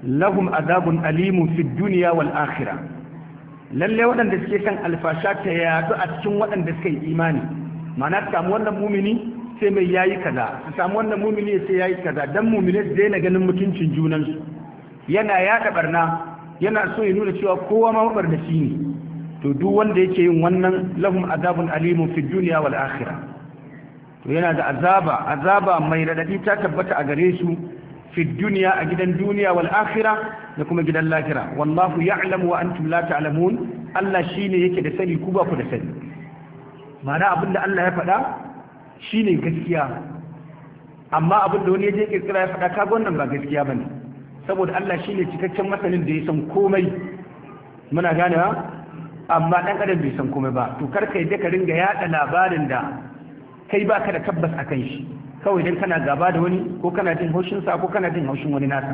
lahum adabun Alimu fid dunya wal akhirah lalle waɗanda suke kan alfasha ta yadu a cikin waɗanda suka yi imani ma'ana ta samu wannan mumini sai mai yayi kaza samu wannan mumini sai yayi kaza dan mumine su daina ganin mutuncin junansu yana yaɗa barna yana so ya nuna cewa kowa ma shi ne to duk wanda yake yin wannan lahum azabun Alimu fid dunya wal akhirah to yana da azaba azaba mai radadi ta tabbata a gare su fi duniya a gidan duniya wal akhira da kuma gidan lahira wallahu ya'lamu wa antum la ta'lamun Allah shine yake da sani ku ba ku da sani Mana abin da Allah ya faɗa shine gaskiya amma abin da wani yaje kirkira ya faɗa kaga wannan ba gaskiya bane saboda Allah shine cikakken masanin da ya san komai muna ganewa amma dan adam bai san komai ba to karka yadda ka ringa yada labarin da kai ba ka da tabbas a kan shi kawai idan kana gaba da wani ko kana jin haushinsa ko kana jin haushin wani nasa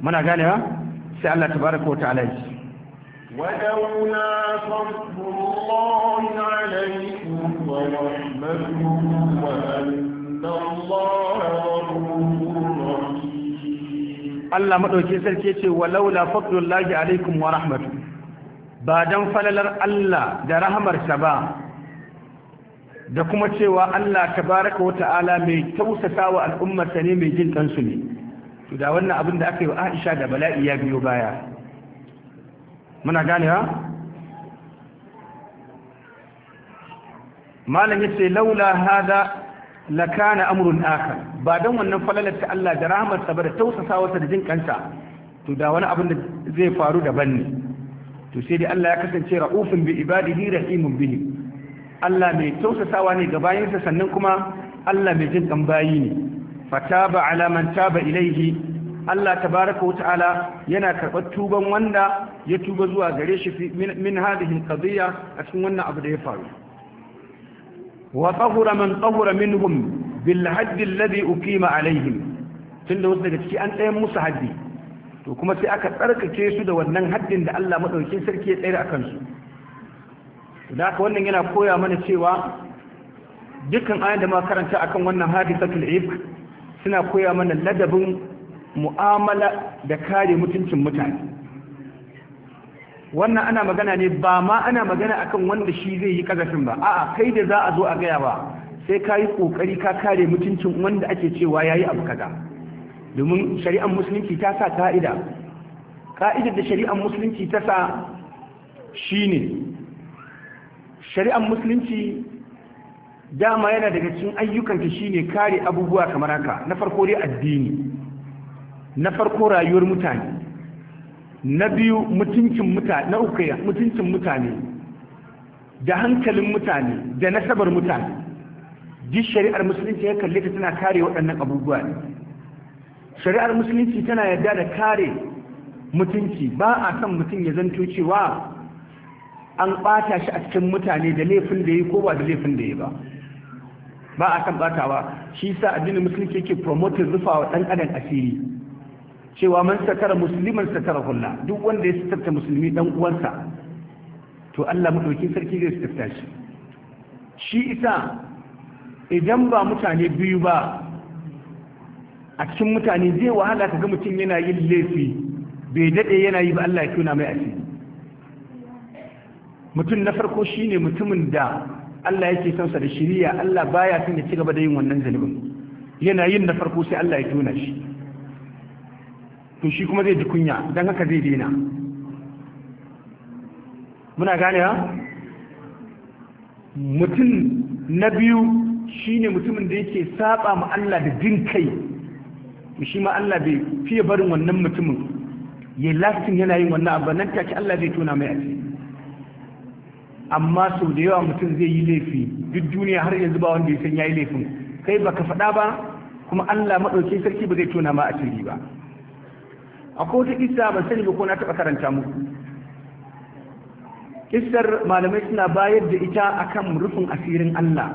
muna ganewa sai Allah tabaraka wa ta'ala ji ولولا فضل الله عليكم ورحمته وأن الله غفور Allah maɗauki sarki ce walaula fadlullahi alaikum wa rahmatu ba dan falalar Allah da rahamarsa ba da kuma cewa Allah wa ta'ala mai tausasa wa al'ummarsa ne mai jin kansu ne to da wannan abin da aka yi wa Aisha da bala'i ya biyo baya muna ganewa malam yace laula hada lakana amurin akhar ba dan wannan falalar ta Allah da rahmarsa ba da tausasa da jin kansa to da wani abin da zai faru daban ne to sai dai Allah ya kasance ra'ufin bi ibadihi rahimun bihi Allah mai tausasawa ne ga bayansa sannan kuma Allah mai jin bayi ne fataba ala man taba ilaihi Allah tabaraka wa ta'ala yana karɓar tuban wanda ya tuba zuwa gare shi min hadhihi qadiyya a cikin wannan abu da ya faru wa tahura man tahura minhum bil hadd alladhi uqima alaihim tunda wasu daga ciki an tsayar musu haddi to kuma sai aka tsarkake su da wannan haddin da Allah madaukin sarki ya tsayar akan su da haka wannan yana koya mana cewa dukkan ayan da muka karanta akan wannan hadisatul ifk suna koya mana ladabin mu'amala da kare mutuncin mutane wannan ana magana ne ba ma ana magana akan wanda shi zai yi kazafin ba a'a kai da za a zo a gaya ba sai ka yi kokari ka kare mutuncin wanda ake cewa yayi abu kaza domin shari'ar musulunci ta sa ka'ida ka'idar da shari'ar musulunci ta sa shine shari'ar musulunci dama yana daga cikin ayyukanta shine kare abubuwa kamar haka na farko dai addini na farko rayuwar mutane na biyu mutuncin mutane na uku mutuncin mutane da hankalin mutane da nasabar mutane duk shari'ar musulunci ya kalle ta tana kare waɗannan abubuwa ne shari'ar musulunci tana yarda da kare mutunci ba a son mutum ya zanto cewa an ɓata shi a cikin mutane da laifin da yi ko ba da laifin da yi ba ba a kan ɓatawa shi sa addinin musulunci yake promoting rufa wa ɗan adam asiri cewa man satara musulman satara hulla duk wanda ya satarta musulmi ɗan uwansa to Allah madaukin sarki zai satarta shi shi isa idan ba mutane biyu ba a cikin mutane zai wahala ka ga mutum yana yin laifi bai daɗe yana yi ba Allah ya tuna mai asiri mutum na farko shine mutumin da Allah yake son sa da shiriya Allah baya son ya ci gaba da yin wannan zalibin yana yin na farko sai Allah ya tona shi to shi kuma zai ji kunya dan haka zai daina muna gane ha mutum na biyu shine mutumin da yake saba ma Allah da jin kai shi ma Allah bai fiye barin wannan mutumin ya lastin yana yin wannan abu nan take Allah zai tona mai asiri amma sau da yawa mutum zai yi laifi duk duniya har yanzu ba wanda ya san ya yi laifin kai baka faɗa ba kuma Allah madaukakin sarki ba zai tona ma asiri ba akwai wata kissa ban sani ba ko na taɓa karanta muku kissar malamai suna bayar da ita akan rufin asirin Allah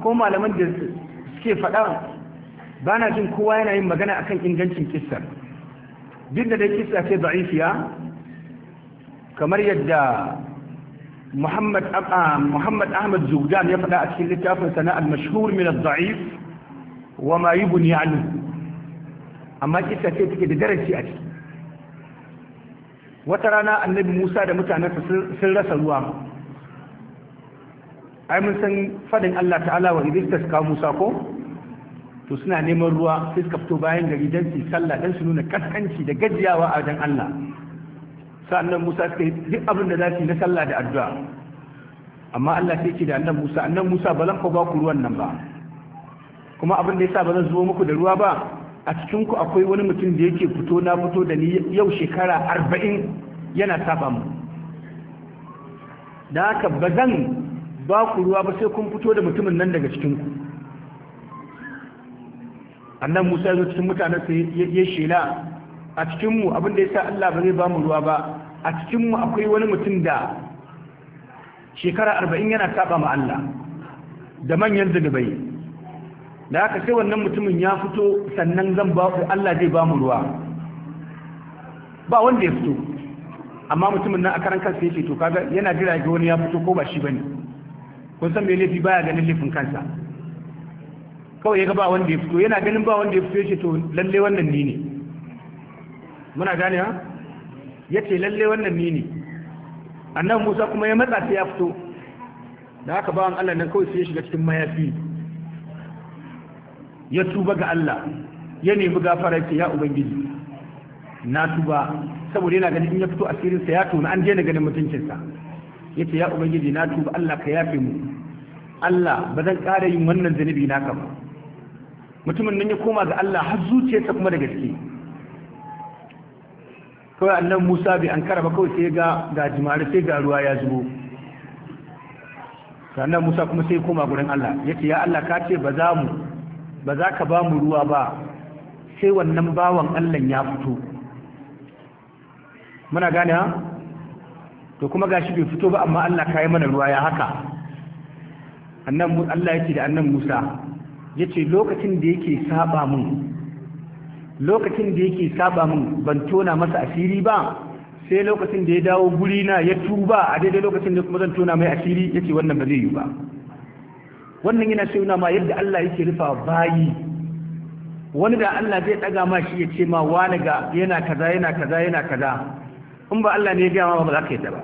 ko malaman da suke faɗa ba na jin kowa yana yin magana akan ingancin kissar duk da dai kissa ce da'ifiya kamar yadda Muhammad ah, ah, Muhammad Ahmad zugdan ya faɗa a cikin littafin sana al-mashhur min ad-da'if wa ma yubni anhu amma kisa ce take da darasi a ciki wata rana annabi Musa da mutanensa sun rasa ruwa ai mun san fadin Allah ta'ala wa idis taska Musa ko to suna neman ruwa sai suka fito bayan gari dan su sallah dan su nuna kaskanci da gajiyawa a wajen Allah sa'annan Musa suka duk abin da za su yi na sallah da addu'a amma Allah sai ce da annan Musa annan Musa ba zan ba ku ruwan nan ba kuma abin da yasa ba zan zubo muku da ruwa ba a cikin ku akwai wani mutum da yake fito na fito da ni yau shekara arba'in yana saba mu da haka ba zan ba ku ruwa ba sai kun fito da mutumin nan daga cikin ku annan Musa ya zo cikin mutanen sa ya shela a cikinmu abin da ya sa Allah ba zai ba mu ruwa ba a cikinmu akwai wani mutum da shekara arba'in yana saba ma Allah da manyan zunubai da aka sai wannan mutumin ya fito sannan zan ba ku Allah zai ba mu ruwa ba wanda ya fito amma mutumin nan a karan kansa yake to kaga yana jira ga wani ya fito ko ba shi bane kun san me laifi baya ganin laifin kansa kawai ya ga ba wanda ya fito yana ganin ba wanda ya fito yace to lalle wannan ni ne muna gane ha ya ce lalle wannan ni ne annan musa kuma ya matsa ta ya fito da ba bawan allah nan kawai sai ya shiga cikin mayafi ya tuba ga allah ya nemi gafara ya ubangiji na tuba saboda yana ganin in ya fito asirinsa ya tona an daina ganin mutuncinsa ya ce ya ubangiji na tuba allah ka yafe mu allah ba zan ƙara yin wannan zunubi naka ba mutumin nan ya koma ga allah har zuciyarsa kuma da gaske kawai annan musa bai an ba kawai sai ga ga jimare sai ga ruwa ya zubo sannan musa kuma sai koma gurin allah ya ce ya allah ka ce ba za mu ba za ka ba mu ruwa ba sai wannan bawan allah ya fito muna gane ha to kuma gashi bai fito ba amma allah ka yi mana ruwa ya haka annan allah ya ce da annan musa ya ce lokacin da yake saba mun lokacin da yake saba min ban tona masa asiri ba sai lokacin da ya dawo guri na ya tuba a daidai lokacin da kuma zan tona mai asiri yace wannan ba zai yi ba wannan yana yana ma yadda Allah yake rufa bayi wani da Allah zai daga ma shi ya ce ma wani ga yana kaza yana kaza yana kaza in ba Allah ne ya gaya ma ba za ka yi ta ba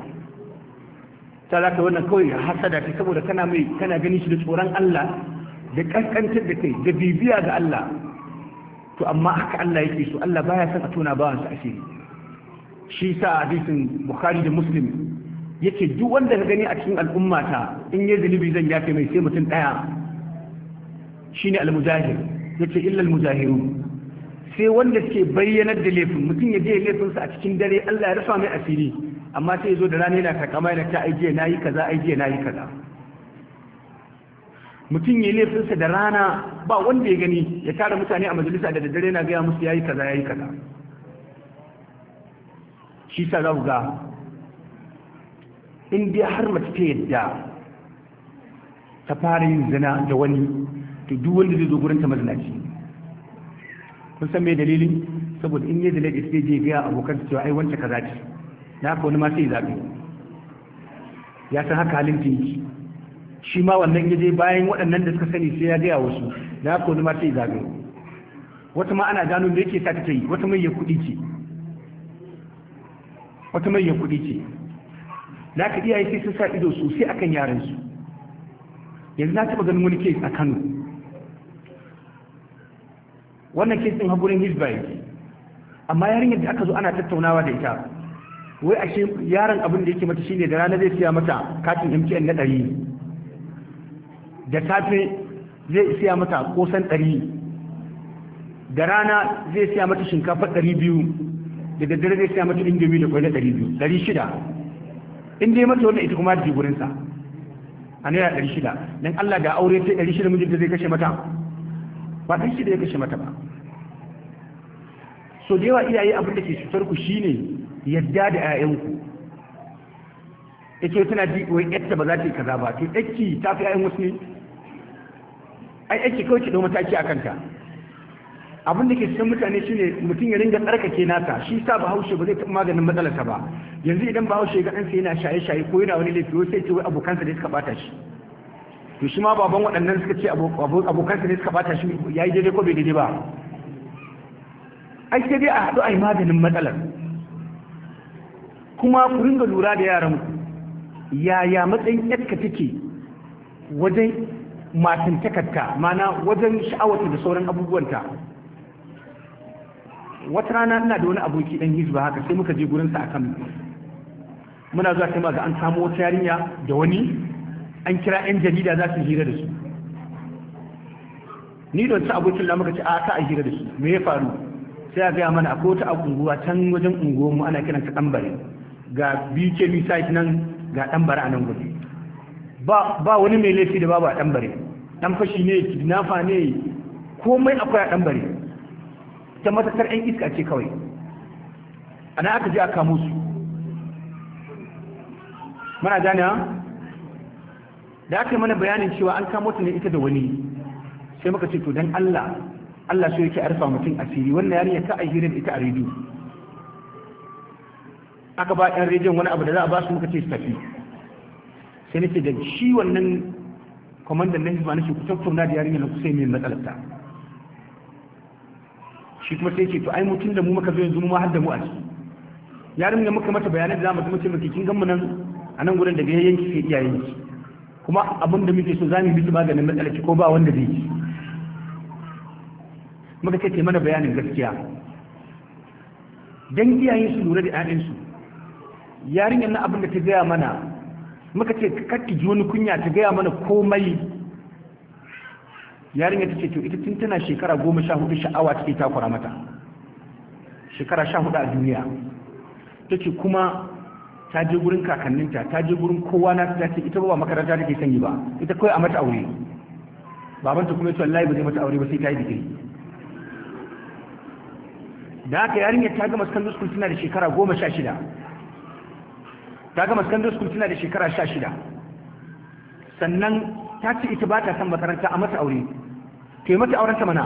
ta za ka wannan kawai hasada ce saboda kana mai kana ganin shi da tsoron Allah da kankantar da kai da bibiya ga Allah to amma haka Allah yake so Allah baya san a tona bawan sa asiri shi sa hadisin Bukhari da Muslim yake duk wanda ka gani a cikin al'umma al'ummata in yayi zulubi zan yafe mai sai mutum daya shine al mujahid yace illa al-mujahirun sai wanda suke bayyanar da laifin mutum ya je laifinsa a cikin dare Allah ya rufa mai asiri amma sai ya zo da rana yana takama da ta jiya na yi kaza jiya na yi kaza mutum ya laifinsa da rana ba wanda ya gani ya tara mutane a majalisa da daddare na gaya musu yayi kaza yayi kaza shi sa za ga in dai har mace ta yadda ta fara yin zina da wani to duk wanda zai zo gurin ta mazinaci kun san me dalilin saboda in yi da laifin sai je gaya abokan cewa ai wancan kaza ce na haka wani ma sai zaɓe ya san haka halin tinki shi ma wannan ya je bayan waɗannan da suka sani sai ya gaya wasu da haka wani ma sai zagayo wata ma ana gano da yake sa ta yi wata mai ya kuɗi ce wata mai ya kuɗi ce da haka iyaye sai sun sa ido sosai akan yaran su yanzu na taɓa ganin wani kes a Kano wannan kes ɗin haƙurin hisbaye amma yarinyar da aka zo ana tattaunawa da ita wai ashe yaron abin da yake mata shine da rana zai siya mata katin MTN na ɗari da safe zai siya mata kosan ɗari da rana zai siya mata shinkafa ɗari biyu da daddare zai siya mata indomi da kwanar ɗari biyu ɗari shida in dai mata wannan ita kuma da jigurinsa a naira ɗari shida don allah da aure ta ɗari shida mijinta zai kashe mata ba ɗari shida ya kashe mata ba so da yawa iyaye abin da ke cutar ku shine yadda da 'ya'yanku ita tana ji wai yadda ba za ta yi kaza ba to ɗakki ta fi 'ya'yan wasu ne ai ake kawai ki dauma mataki akan ta abin da ke cikin mutane shine mutum ya ringa tsarkake nata shi sa bahaushe ba zai taɓa maganin matsalarsa ba yanzu idan bahaushe ga ɗansa yana shaye-shaye ko yana wani laifi sai ce wai abokansa ne suka bata shi to shi ma baban waɗannan suka ce abokansa ne suka bata shi ya yi daidai ko bai daidai ba ai sai dai a haɗu a yi maganin matsalar kuma ku ringa lura da yaran ku yaya matsayin yadda take wajen matintakarta mana wajen sha'awata da sauran abubuwanta wata rana ina da wani aboki dan hizba haka sai muka je gurinsa a kan muna zuwa sai ga an samu wata yarinya da wani an kira 'yan jarida za su hira da su ni da wata abokin da muka ce a ka a hira da su me ya faru sai a gaya mana akwai wata unguwa can wajen mu ana kiranta bare ga bkb site nan ga bare a nan gudu ba wani mai laifi da babu a ɗan bare ɗan fashi ne kidnafa ne komai akwai a ɗan bare ta matakar 'yan iska ce kawai ana aka ji a kamo su mana gane da aka yi mana bayanin cewa an kamo ta ne ita da wani sai muka ce to dan Allah Allah so yake arfa mutum asiri wannan yarinya ta a hirin ita a rediyo aka ba 'yan rediyon wani abu da za a ba su muka ce su tafi sai nake da shi wannan kwamandan na hizba nake kusan tattauna da yarinya na kusa mai matsalarta shi kuma sai ce to ai mutum da mu maka zo yanzu mu ma har da mu a ciki yarinya muka mata bayanan da za mu zama ce muke kin gamu nan a nan gurin da ya yanki sai iyayen ki kuma abin da muke so za mu yi miki maganin matsalarki ko ba wanda zai yi muka ce mana bayanin gaskiya dan iyayen su lura da 'ya'yansu yarinyar na abin da ta gaya mana muka ce kakki ji wani kunya ta gaya mana komai yarinya ta ce to ita tun tana shekara goma sha hudu sha'awa take takura mata shekara sha hudu a duniya ta ce kuma ta je gurin kakanninta ta je gurin kowa na ta ce ita ba makaranta take sanyi ba ita kawai a mata aure babanta kuma ya ce wallahi ba zai mata aure ba sai ta yi digiri da haka yarinya ta gama secondary school tana da shekara goma sha shida ta gama secondary school tana da shekara sha shida sannan ta ce ita ba ta son makaranta a mata aure ta yi mata aurenta mana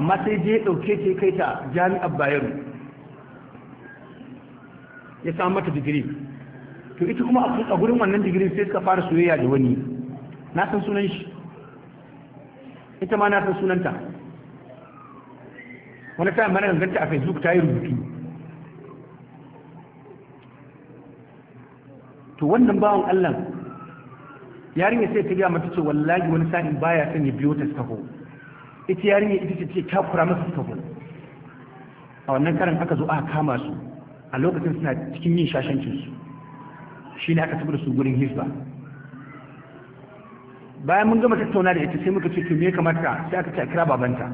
amma sai je dauke ta kai ta jami'ar bayero ya samu mata digiri to ita kuma a gurin wannan digiri sai suka fara soyayya da wani na san sunan shi ita ma na san sunanta wani ta mana ganganta a facebook ta yi rubutu to wannan bawan Allah yarinya sai ta gaya mata ce wallahi wani sa'in baya son ya biyo ta taho ita yarinya ita ce ta kura masa taho a wannan karin aka zo aka kama su a lokacin suna cikin yin shashancin su ne aka da su gurin hisba bayan mun gama tattauna da ita sai muka ce to me kamata sai aka ce a kira babanta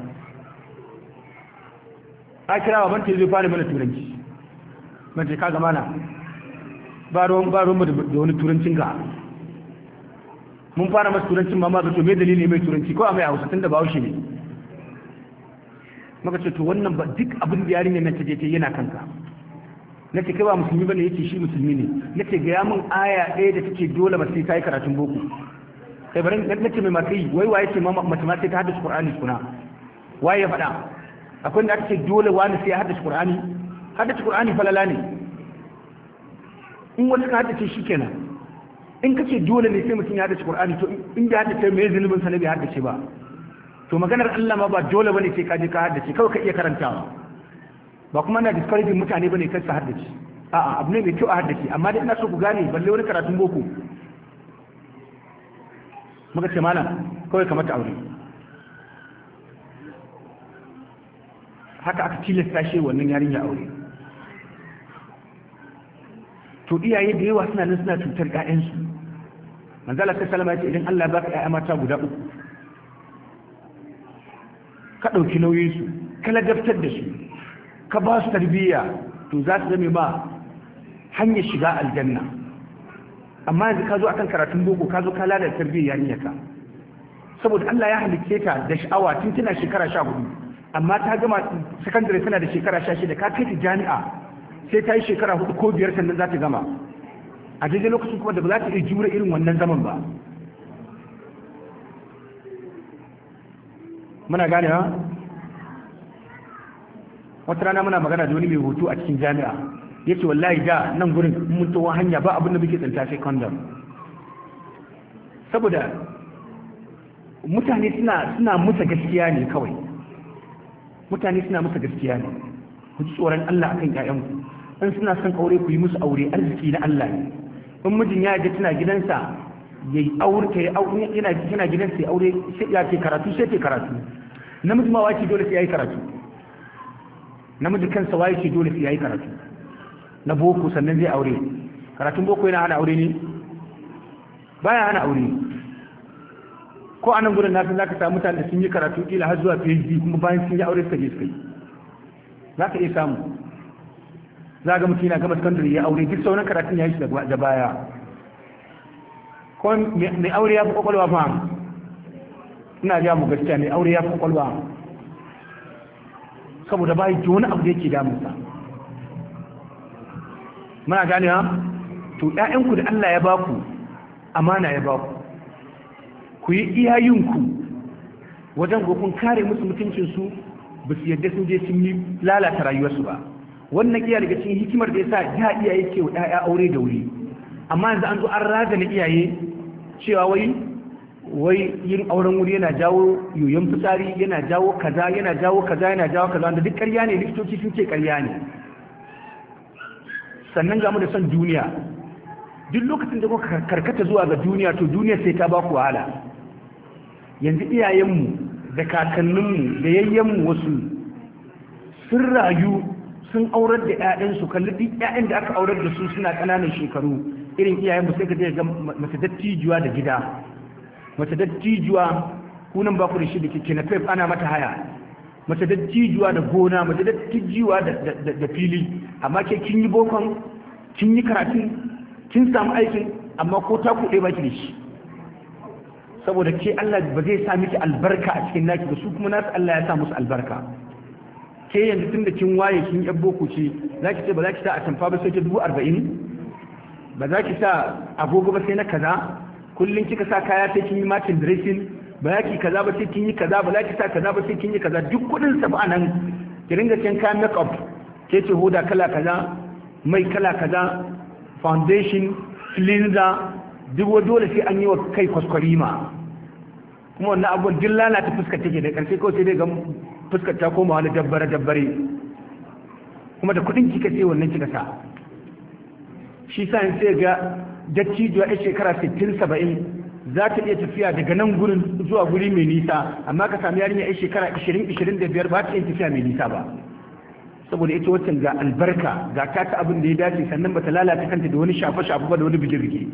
a kira babanta zai fara mana turanci mace ka gama na ba ruwan ba ruwan da wani turancin ga mun fara masa turancin ma ma zato dalili mai turanci ko a mai hausa da ba haushe ne maka ce to wannan ba duk abin da yarinya nan ta je ta yana kanka ce kai ba musulmi ba ne yake shi musulmi ne na ce gaya min aya ɗaya da take dole ba sai yi karatun boko kai barin ce mai matsayi wai waye ce mace ma sai ta haddace qur'ani kuna waye ya faɗa akwai da ake dole wani sai ya haddace qur'ani haddace qur'ani falala ne in wata ka haddace shi kenan in ka ce dole ne sai mutum ya haddace qur'ani to in bai haddace mai zunubin sa ne bai haddace ba to maganar Allah ma ba dole bane sai ka je ka haddace kawai ka iya karantawa ba kuma na discouraging mutane bane kai su haddace a'a abu ne mai kyau a haddace amma dai ina so ku gane balle wani karatun boko muka ce malam kawai kamar ta aure haka aka tilasta shi wannan yarinya aure to iyaye da yawa suna nan suna cutar ƴaƴansu manzala ta salama ce idan Allah baka ƴaƴa mata guda uku ka ɗauki nauyin su ka ladabtar da su ka ba su tarbiyya to za su zame ma hanyar shiga aljanna amma yanzu ka zo akan karatun boko ka zo ka lalata ya yarinyarka saboda Allah ya halicce ta da sha'awa tun tana shekara sha hudu amma ta gama sakandare tana da shekara sha shida ka kai ta jami'a sai ta yi shekara hudu ko biyar sannan za ta gama a daidai lokacin kuma da ba za ta iya jure irin wannan zaman ba muna gane ha wata rana muna magana da wani mai hoto a cikin jami'a ya ce wallahi da nan gurin mun towa hanya ba abin da muke tsinta sai condom saboda mutane suna suna musa gaskiya ne kawai mutane suna musa gaskiya ne ku ji tsoron Allah akan ƴaƴanku in suna son aure ku yi musu aure arziki na Allah ne in mijin ya je tana gidansa ya yi aure ta yana yana gidansa ya aure sai ya ke karatu sai ke karatu namiji ma ce dole sai yayi karatu namiji kansa waye ce dole sai yayi karatu na boko sannan zai aure karatun boko yana hana aure ne baya hana aure ko anan gurin na san zaka samu mutane da sun yi karatu kila har zuwa PhD kuma bayan sun yi aure suka je suka yi za ka iya samu za ga mutum yana gama sakandare ya aure duk sauran karatun ya yi shi da baya Kuma mai aure ya fi kwakwalwa fa ina ja mu gaskiya mai aure ya fi kwakwalwa saboda bayi ki wani abu da yake damunsa muna gane ha to ƴaƴanku da Allah ya baku amana ya baku ku yi iya yinku wajen gokun kare musu mutuncinsu ba su yadda sun je sun lalata rayuwarsu ba wannan iya daga cikin hikimar da yasa ya iyaye ke wa ɗaya aure da wuri amma yanzu an zo an raga na iyaye cewa wai wai yin auren wuri yana jawo yoyon fitsari yana jawo kaza yana jawo kaza yana jawo kaza wanda duk ƙarya ne likitoci sun ce ƙarya ne sannan ga mu da son duniya duk lokacin da kuka karkata zuwa ga duniya to duniya sai ta ba ku wahala yanzu iyayenmu da kakanninmu da yayyenmu wasu sun rayu sun aurar da 'ya'yansu kalli duk 'ya'yan da aka aurar da su suna ƙananan shekaru irin iyayen sai ka ga mace dattijuwa da gida mace dattijuwa kunan ba ku da shi da kike na fef ana mata haya mace dattijuwa da gona mace dattijuwa da fili amma ke kin yi bokon kin yi karatun kin samu aikin amma ko ta kuɗe ba ki da shi saboda ke Allah ba zai sa miki albarka a cikin naki ba su kuma nasu Allah ya sa musu albarka ke yanzu tun da kin waye kin yar boko ce za ki ce ba za ki sa a tamfa ba sai ta dubu arba'in ba za ki sa agogo ba sai na kaza kullum kika sa kaya sai kin yi matin dressing ba za ki kaza ba sai kin yi kaza ba za ki sa kaza ba sai kin yi kaza duk kudin sa ba nan ki ringa kin kayan make up ke ce hoda kala kaza mai kala kaza foundation cleanser duk dole sai an yi wa kai kwaskwarima kuma wannan abubuwan duk lalata fuskar take da karshe kawai sai dai ga fuskar ta koma wani dabbare dabbare kuma da kudin kika sai wannan kika sa shi sa in sai ga dattijuwa ya shekara 60 70 za ta iya tafiya daga nan gurin zuwa guri mai nisa amma ka sami yarinya ya shekara 20 25 ba ta iya tafiya mai nisa ba saboda ita waccan ga albarka ga taka abin da ya dace sannan bata lalata kanta da wani shafa-shafa ba da wani bigirge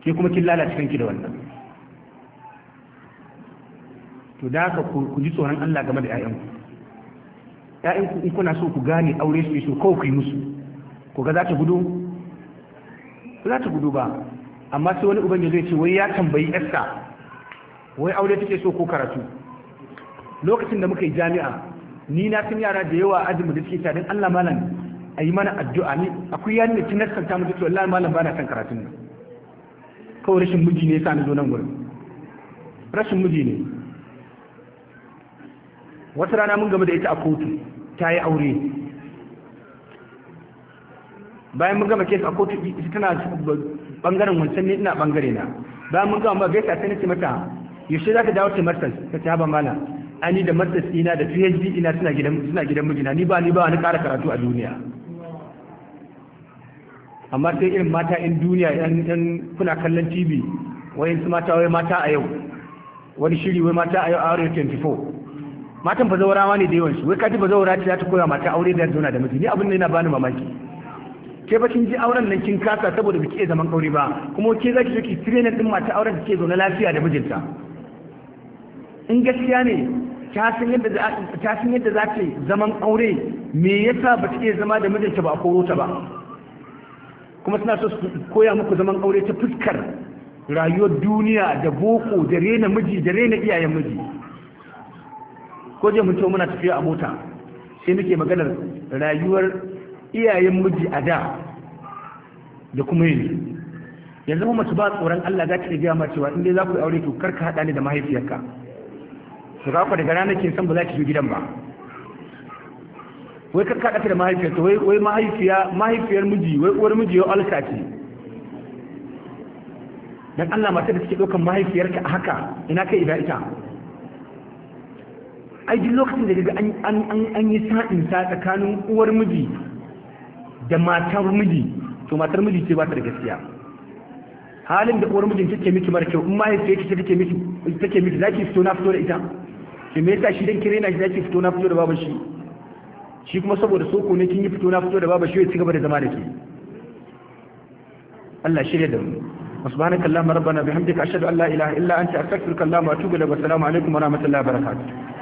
ke kuma kin lalata kanki da wannan to da haka ku ji tsoron Allah game da ƴaƴanku ƴaƴanku in kuna so ku gane aure su so kawai ku yi musu ku ga za ta gudu Ku za ta gudu ba amma sai wani uban ya zai ce wai ya tambayi ƴarsa wai aure take so ko karatu lokacin da muka yi jami'a ni na san yara da yawa azumi da suke tare Allah malam a yi mana addu'a ni akwai yaran da kin nasanta mu ce wallahi malam ba na san karatun nan kawai rashin miji ne sa ni zo nan gurin rashin miji ne wata rana mun gama da ita a kotu ta yi aure bayan mun gama kes a kotu ita tana bangaren wancan ne ina bangare na bayan mun gama gaisa ta nace mata yaushe za ka dawo ta martas ta ce haba mana ani da martas ina da phd ina suna gidan suna gidan mijina ni ba ni ba ni kara karatu a duniya amma sai irin mata in duniya yan kuna kallon tv wayan su mata wai mata a yau wani shiri wai mata a yau a 24 matan fa zaurawa ne da yawan wai kaji ba zaura za ta koya mata aure da zauna da miji ni abin ne na bani mamaki ke ba kin ji auren nan kin kasa saboda biki iya zaman aure ba kuma ke zaki ki trainer din mata auren da ke zauna lafiya da mijinta in gaskiya ne ta san yadda za ta san yadda za ta zaman aure me yasa ba ta iya zama da mijinta ba a koro ta ba kuma suna so su koya muku zaman aure ta fuskar rayuwar duniya da boko da rena miji da rena iyayen miji ko je mun ce muna tafiya a mota sai muke maganar rayuwar iyayen miji a da da kuma yin yanzu kuma mace ba tsoron Allah za ta iya gama cewa in dai za ku yi aure to kar ka haɗa ni da mahaifiyarka to ka ku daga ranar kin san ba za ki zo gidan ba wai kar ka haɗa da mahaifiyarka wai wai mahaifiya mahaifiyar miji wai uwar miji ya alka ce dan Allah matar da take ɗaukar mahaifiyarka a haka ina kai ida ita ai duk lokacin da daga an yi sa'in sa tsakanin uwar miji da matar miji to matar miji ce ba ta da gaskiya halin da uwar mijin take miki mara kyau in ma yace take take miki take miki zaki fito na fito da ita ki me yasa shi dan kire na shi zaki fito na fito da baban shi shi kuma saboda soko ne kin yi fito na fito da baban shi ya ci gaba da zama da ke Allah shirya da mu rabbana bihamdika ashhadu an la ilaha illa anta astaghfiruka wa atubu اللهم wa assalamu alaikum wa rahmatullahi wa barakatuh